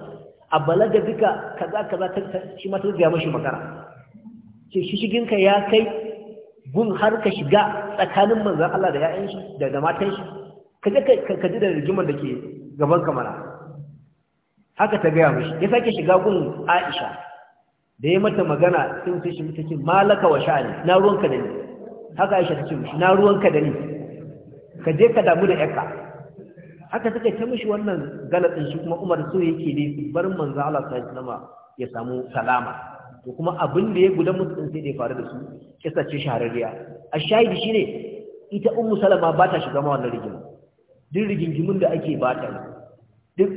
a balaga bika kaza kaza ta shi mata ta ga mashi makara ce shishigin ka ya kai gun har ka shiga tsakanin manzan Allah da ‘ya'yan shi da matan shi ka je ka ji da rigimar da ke gaban kamara haka ta gaya mishi ya sake shiga gun aisha da ya mata magana sun fi shi mutake malaka wa sha'ani na ruwanka da ni haka aisha ta ce mishi na ruwanka da ni ka je ka damu da yakka haka suka ta mishi wannan galatin shi kuma umar so yake ne barin manzan Allah sallallahu alaihi wasallam ya samu salama to kuma abin da ya gudan mutum sai da ya faru da su kisa ce shahararriya a shahidi shi ne ita ummu salama ba ta shiga ma wannan rigima duk rigingimin da ake ba ta duk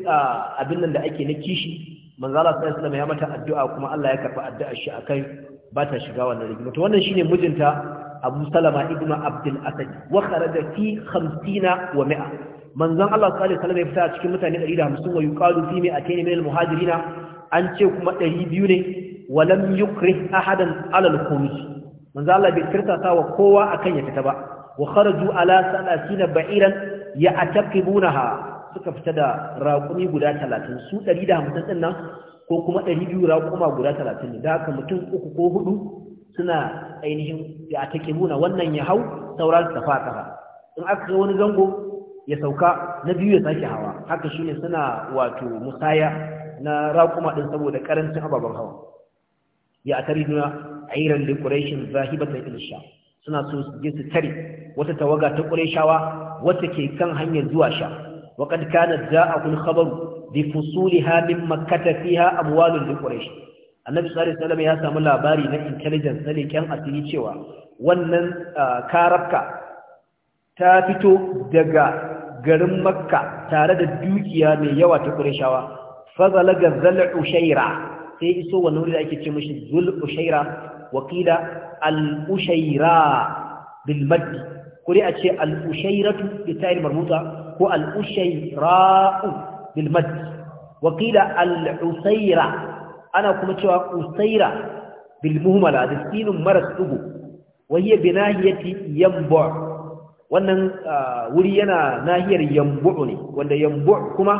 abin nan da ake na kishi manzala sallallahu alaihi ya mata addu'a kuma Allah ya karɓi addu'ar shi akai ba ta shiga wannan rigima to wannan shine mijinta Abu Salama ibn Abdul Asad wa kharaja fi 50 wa 100 manzon Allah sallallahu alaihi wasallam ya fita cikin mutane 150 wa yuqalu fi mi'atayn min al-muhajirin an ce kuma 200 ne walam yukrih ahadan alal khuruj manzo Allah bai kirtasa wa kowa akan ya fita ba wa kharaju ala salasina ba'iran ya'taqibunaha suka fita da raƙumi guda 30 su 150 din nan ko kuma 200 raƙuma guda 30 ne da haka mutum uku ko hudu suna ainihin ya'taqibuna wannan ya hau sauran safa in aka ga wani zango ya sauka na biyu ya sake hawa haka shine suna wato musaya na raƙuma din saboda karancin ababen hawa ya atariduna ayran li quraishin zahibatan ila suna so su je tare wata tawaga ta quraishawa wacce ke kan hanyar zuwa sha wa qad kana kabaru, khabar bi fusulha min makkah fiha amwalun quraish annabi sallallahu alaihi wasallam ya samu labari na intelligence na leken asiri cewa wannan karabka ta fito daga garin makka tare da dukiya mai yawa ta qurayshawa fazala gazal ushaira sai iso wani wuri da ake ce mashi zul ushaira wakila al ushaira bil maddi ko dai a ce al ushairatu bi ta'il marmuta ko al ushaira'u bil maddi wakila al usaira ana kuma cewa usaira bil muhmala da sinin maras dugu wa bi nahiyati yambu wannan ah, wuri yana nahiyar yambu ne wanda yambu kuma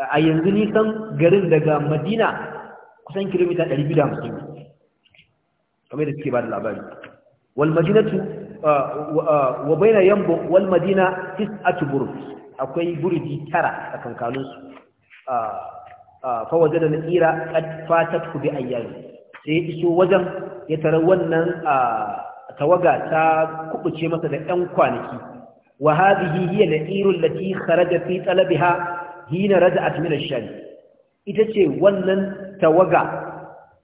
ah, a yanzu nisan garin daga madina kusan kilomita 250 kamar da suke ba da labari wal uh, wa uh, yambo Walmadina tis'atu akwai burudi tara a kankanun su uh, fa waje na ira qad ku bi ayyami sai iso wajen ya tara wannan tawaga ta kubuce masa da 'yan kwanaki wa hadhihi hiya al-iru kharaja fi talabiha hina raja'at min ash ita ce wannan tawaga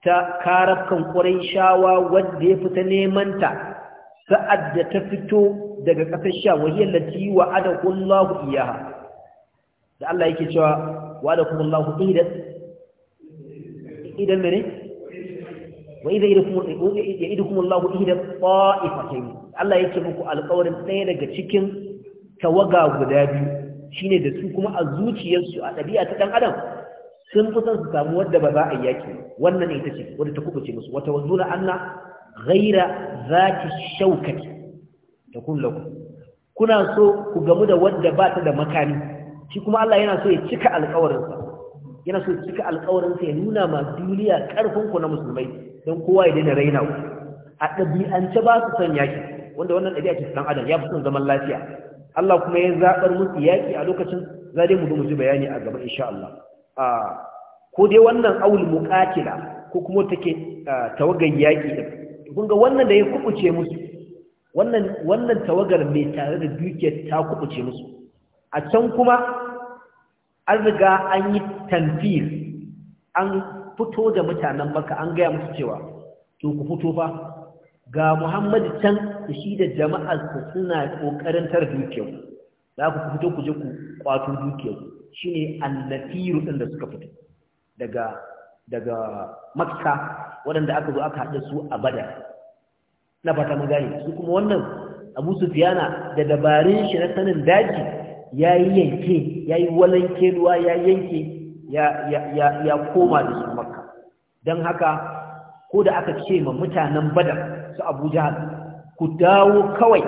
ta karakan ƙwarai shawa wadda ya fita nemanta sa'ad da ta fito daga ƙasar sha wahiyar lati wa ada kullahu iyaha da Allah yake cewa wa adakun lahu idan idan mene wa idan idakum lahu idan yi Allah yake muku alƙawarin ɗaya daga cikin tawaga guda biyu shine da su kuma a zuciyarsu a ɗabi'a ta ɗan adam sun fi son su samu wadda ba za a yaki wannan ita ce wadda ta kubuce musu wata wanzuna anna ghaira zati shaukati ta kullaku kuna so ku gamu da wadda ba ta da makani? shi kuma Allah yana so ya cika alƙawarinsa yana so ya cika alƙawarinsa ya nuna ma duniya ƙarfin ku na musulmai don kowa ya daina raina ku a ɗabi'ance ba su son yaki wanda wannan ɗabi'a ce san adam ya fi son zaman lafiya Allah kuma ya zaɓar musu yaki a lokacin za dai mu mu ji bayani a gaba insha Allah ko dai wannan awul muqatila ko kuma take tawagar yaƙi din kun ga wannan da ya kubuce musu wannan tawagar mai tare da dukiyar ta kubuce musu a can kuma an riga an yi tanfir an fito da mutanen maka an gaya musu cewa to ku fito fa ga muhammadu can shi da ku suna ƙoƙarin tara dukiyar za ku fito ku je ku kwato dukiyar shine annatiru ɗin da suka fito daga daga makka waɗanda aka zo aka haɗa su a badar na fata mun gane su kuma wannan abu sufiyana da dabarun shi na sanin daji ya yi yanke ya yi walanke ruwa ya yanke ya koma da su makka don haka ko da aka ce ma mutanen badar su abuja ku dawo kawai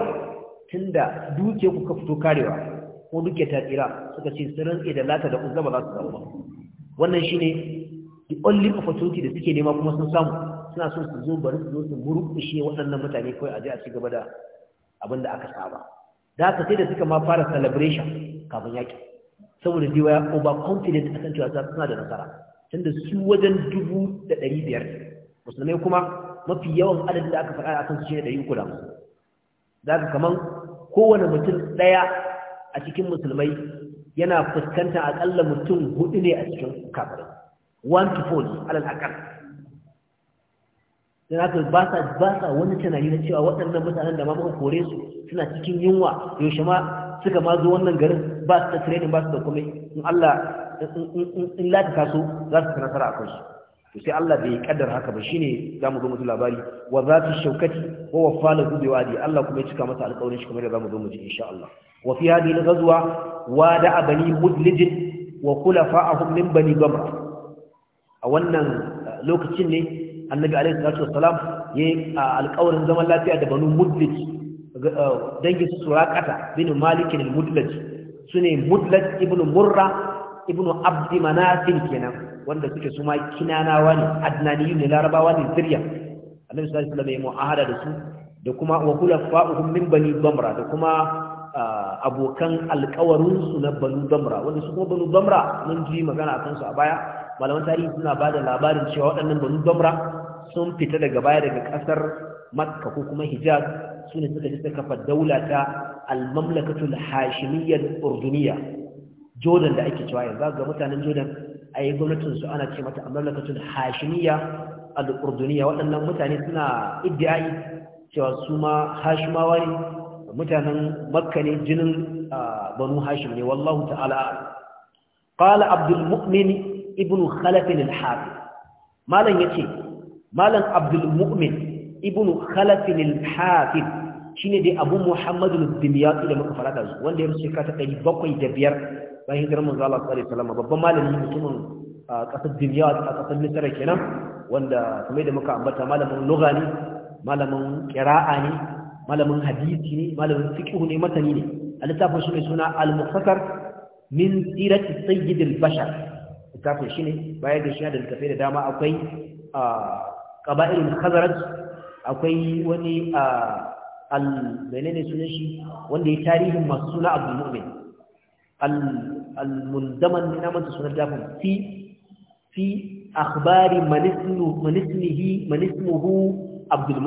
tunda duke kuka fito karewa ko duke tatira suka ce su rantse da lata da uzza za su samu ba wannan shine the only opportunity da suke nema kuma sun samu suna so su zo bari su zo su murƙushe waɗannan mutane kawai a je a ci gaba da abin da aka saba da haka sai da suka ma fara celebration kafin yaƙi saboda dai ya over confident cewa suna da nasara tunda su wajen dubu da ɗari biyar musulmai kuma mafi yawan adadin da aka faɗa akan su shi ne ɗari uku da musu za ka kaman kowane mutum ɗaya a cikin musulmai yana fuskanta akalla mutum hudu ne a cikin kafirai one to four alal akal dan haka ba sa ba sa wani tunani na cewa waɗannan mutanen da ma muka kore su suna cikin yunwa yaushe ma suka ma zo wannan garin ba su da training ba su da komai in Allah in lati kaso za su nasara a kansu to sai Allah bai kaddar haka ba shine zamu zo mu labari wa zati shaukati wa wafalahu bi wadi Allah kuma ya cika masa alƙawarin shi kamar da zamu zo mu ji insha Allah wa fi hadhihi al-ghazwa wada bani mudlij wa khulafa'ahum min bani gamra a wannan lokacin ne annabi alaihi salatu wassalam yayi alƙawarin zaman lafiya da banu mudlij dangin su suraqata bin malik al-mudlij sune mudlij ibnu murra ibnu abd manaf kenan wanda suke su ma kinanawa ne adnaniyu ne larabawa ne siriya annabi sallallahu alaihi wasallam ya mu'ahada da su da kuma wa khulafa'uhum min bani damra da kuma abokan alƙawarin su na banu damra wanda su kuma banu damra mun ji magana akan su a baya malaman tarihi suna ba da labarin cewa waɗannan banu damra sun fita daga baya daga ƙasar makka ko kuma hijaz su ne suka ji suka kafa daula ta al hashimiyyar urduniya jordan da ake cewa yanzu ga mutanen jordan a yi gwamnatinsu ana ce mata a mamlakatun Hashimiya a urduniya waɗannan mutane suna iddiyayi cewa su ma hashimawa ne mutanen makka ne jinin banu hashim ne wallahu ta'ala qala abdul mu'min ibn khalaf al-hafiz malan yace malan abdul mu'min ibn khalaf al-hafiz shine dai abu Muhammadu al-dimyati da muka fara da wanda ya rubuta ta biyar? bayan hijirar manzo Allah sallallahu alaihi wasallam babban malamin mutumin kasar duniya a ƙasar Misra kenan wanda kamar da muka ambata malamin lugha ne malamin qira'a ne malamin hadisi ne malamin fiqh ne matani ne a littafin shi mai suna al-mukhtasar min sirati sayyid al-bashar littafin shi ne bayan da shi da littafai da dama akwai qaba'ilul khazraj akwai wani al-menene sunan shi wanda ya tarihin masu suna abdul mu'min al al-mundaman na manta sunan dafin fi fi akhbari man ismuhu man ismihi man ismuhu abdul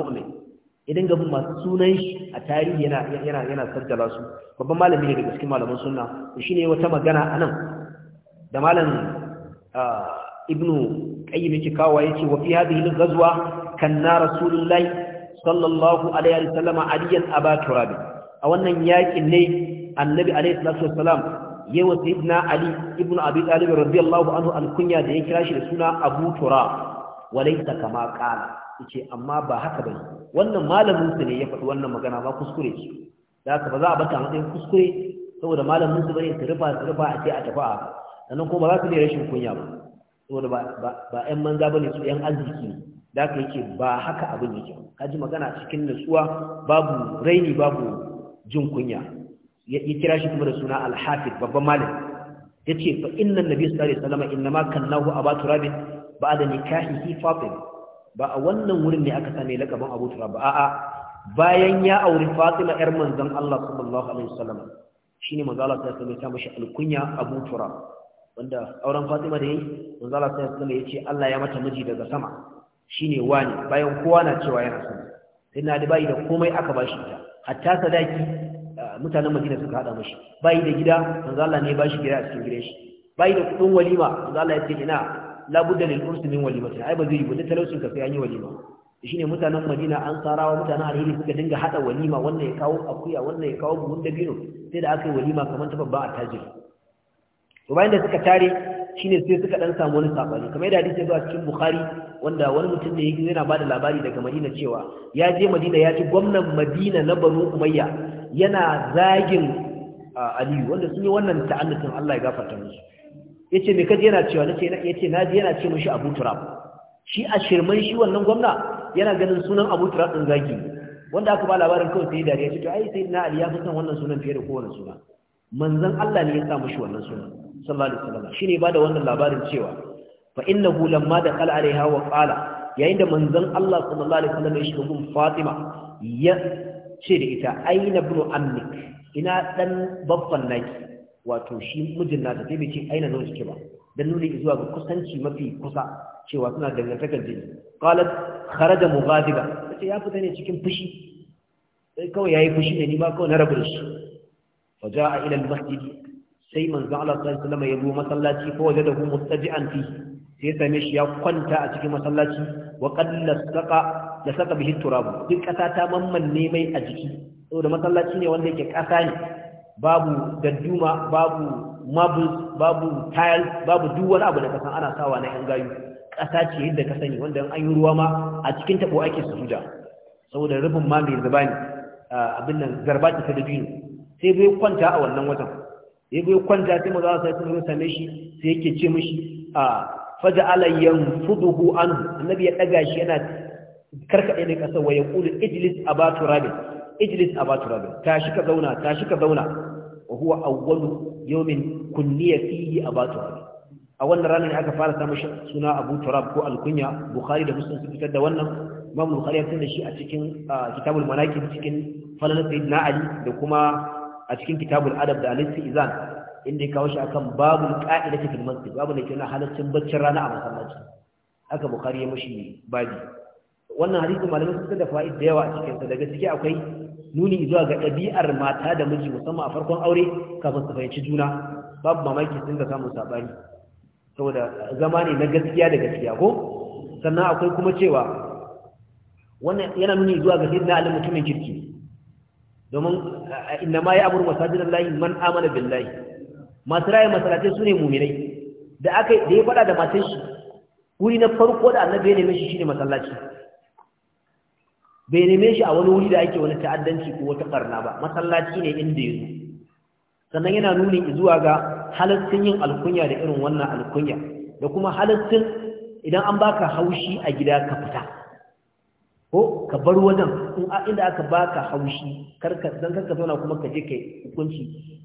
idan gaban masu sunan shi a tarihi yana yana yana sarjala su babban malami ne daga cikin malaman sunna ne wata magana a nan? da malam ibnu qayyim yake kawo yace wa fi hadhihi al-ghazwa kanna rasulullahi sallallahu alaihi wasallam aliyan aba turab a wannan yakin ne annabi alaihi salatu wassalam ya wa sayyidina ali ibn abi talib radiyallahu anhu kunya da ya kira shi da suna abu turab walaysa kama qala yace amma ba haka bane wannan malamin su ne ya faɗi wannan magana ba kuskure shi da haka ba za a bata matsayin kuskure saboda malamin su bane ta rufa a ce a tafi a sannan kuma ba za su ne rashin kunya ba saboda ba ba ƴan manza bane su ƴan arziki ne da haka yake ba haka abin yake ka ji magana cikin nutsuwa babu raini babu jin kunya ya kira shi kuma da suna al babban babban Ya ce fa inna nabi sallallahu alaihi wasallam innama kallahu aba turab ba'da nikahihi fatima ba a wannan wurin ne aka same lakabin abu turab a'a bayan ya auri fatima yar manzon Allah sallallahu alaihi wasallam shine manzo Allah sallallahu alaihi wasallam ya sa alkunya abu turab wanda auren fatima da yayi manzo Allah sallallahu alaihi wasallam yace Allah ya mata miji daga sama shine wani bayan kowa na cewa yana son sai na da bai da komai aka bashi ta hatta sadaki mutanen madina suka hada mashi bai da gida manzo Allah ne ya bashi gida a cikin gidan shi bai da kudin walima manzo Allah ya ce ina la budda lil ursi min walimati ai ba zai yi ba talaucin ka sai an yi walima shine mutanen madina an sarawa mutanen alheri suka dinga haɗa walima wannan ya kawo akuya wannan ya kawo buhun dabino sai da aka yi walima kamar ta babba a to bayan da suka tare shine sai suka dan samu wani sabani kamar yadda hadisi zuwa cikin bukhari wanda wani mutum ne yake yana bada labari daga madina cewa ya je madina ya ci gwamnan madina na banu umayya yana zagin aliyu wanda sun yi wannan ta'allukin Allah ya gafarta musu ce me kaje yana cewa nace yace naji yana ce mishi Abu Turab shi a shirman shi wannan gwamna yana ganin sunan Abu Turab ɗin zagi wanda aka ba labarin kawai sai dariya ce to ai sai na Ali ya fi san wannan sunan fiye da kowane suna manzon Allah ne ya sa mishi wannan sunan sallallahu alaihi wasallam shine ba da wannan labarin cewa fa innahu lamma da qala alaiha wa qala yayin da manzon Allah sallallahu alaihi wasallam ya shiga gun Fatima ya ce da ita aina bin amnik ina dan babban naki wato shi mijin nata sai bai ce aina zo shi ba dan nuni zuwa ga kusanci mafi kusa cewa suna dangantakar jini qalat kharaja mughadiba sai ya fita ne cikin fushi sai kawai yayi fushi ne ni ma kawai na rabu da shi fa jaa ila al masjid sai manzo Allah sallallahu alaihi wasallam ya zo masallaci fa wajadahu mustaji'an fi sai same shi ya kwanta a cikin masallaci wa qalla saqa Ya saka bihin turabu duk ƙasa ta mammanne mai a jiki saboda masallaci ne wanda yake ƙasa ne babu dadduma babu marbles babu tiles babu duk wani abu da kasa. ana sawa na yan gayu ƙasa ce yadda ka sani wanda an yi ruwa ma a cikin tabo ake su sujuda saboda rufin ma mai zuba ne abin nan zarba ta dabino sai bai kwanta a wannan watan sai bai kwanta sai maza sai sun same shi sai yake ce mishi a faja alayyan fuduhu anhu annabi ya daga shi yana karkaɗe ne ƙasa wa ya ƙulun ijilis a ba turabin ijilis a ba turabin ta shi ka zauna ta shi ka zauna wa huwa awwalu yawmin kunniya fihi a ba turabin a wannan ranar ne aka fara samun suna abu turab ko alkunya bukhari da muslim sun fitar da wannan imam bukhari ya fitar da shi a cikin kitabul manaqib cikin falalar sayyidina ali da kuma a cikin kitabul adab da alisti izan inda ya kawo shi akan babul qa'idati fil masjid babu ne na halaccin baccin rana a masallaci haka bukhari ya mushi babi wannan hadisi malamai sun da fa'id da yawa a cikin sa daga ciki akwai nuni zuwa ga ɗabi'ar mata da miji musamman a farkon aure kafin su fahimci juna babu mamaki sun ga samun sabani saboda zama ne na gaskiya da gaskiya ko sannan akwai kuma cewa wannan yana nuni zuwa ga sayyidina Ali mutumin kirki domin inna ma ya amuru masajidallahi man amana billahi masu raye masalatai sune mu'minai da aka da ya faɗa da matan shi wuri na farko da annabi ya mai shi shine masallaci bai neme shi a wani wuri da ake wani ta'addanci ko wata barna ba masallaci ne inda ya zo sannan yana nuni zuwa ga halattun yin alkunya da irin wannan alkunya da kuma halattun idan an baka haushi a gida ka fita ko ka bar wajen in inda aka baka haushi karka dan karka zauna kuma ka je kai hukunci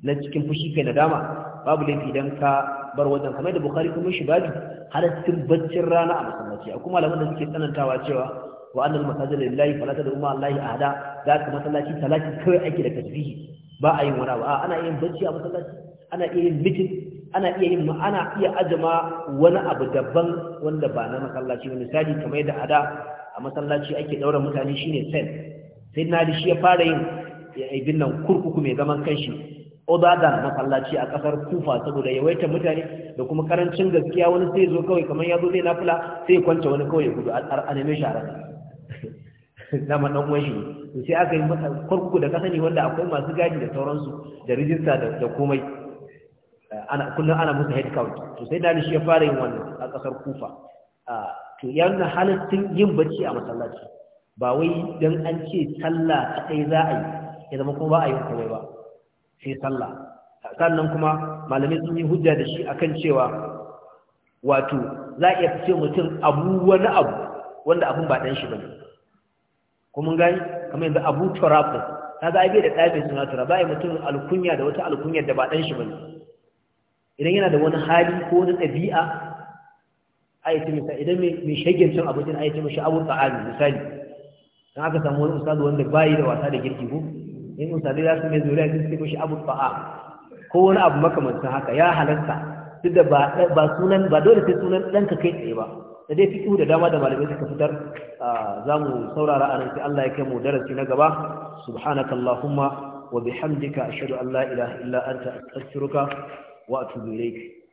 na cikin fushi kai nadama babu laifi idan ka bar wajen kamar da bukhari kuma shi babu halattun baccin rana a masallaci akwai malaman da suke tsanantawa cewa wa annal masajid lillahi fala tad'u ma allahi ahada da ka masallaci salati kai ake da tasbihi ba a yin wani ba ana yin bacci a masallaci ana iya yin mitin ana iya yin ana iya ajama wani abu daban wanda ba na masallaci Wani misali kamar yadda ada a masallaci ake daura mutane shine sen sai na shi ya fara yin ibin nan kurkuku mai zaman kanshi odadan masallaci a kasar kufa saboda yawaitar mutane da kuma karancin gaskiya wani sai zo kawai kamar ya zo zai nafila sai kwanta wani kawai gudu a animation a rasa dama dan uwa shi to sai aka yi masa kurkuku da kasani wanda akwai masu gadi da sauransu da rijista da komai ana kullum ana musu head count to sai da shi ya fara yin wannan a kasar kufa to ya nuna halittun yin bacci a masallaci ba wai don an ce sallah kaɗai za a yi ya zama kuma ba a yi komai ba sai sallah sannan kuma malamai sun yi hujja da shi akan cewa wato za a iya fice mutum abu wani abu wanda abun ba dan shi bane kuma gani kamar yanzu Abu Turab kaga ai bai da ɗabi suna Turab bai mutum alkunya da wata alkunya da ba dan shi bane idan yana da wani hali ko wani ɗabi'a ai ce misali idan mai shagin cin abincin ai ce mishi abu ta'ami misali dan aka samu wani ustadu wanda bai da wasa da girki ko in ustadu ya su mai zuriya sai ce mishi abu ta'a ko wani abu makamancin haka ya halatta duk da ba sunan ba dole sai sunan ɗanka kai tsaye ba da dai fiƙi da dama da malamai suka fitar za mu saurara a nan sai Allah ya kai mu darasi na gaba subhanakallahumma wa bihamdika ashhadu an la ilaha illa anta astaghfiruka wa atubu ilayk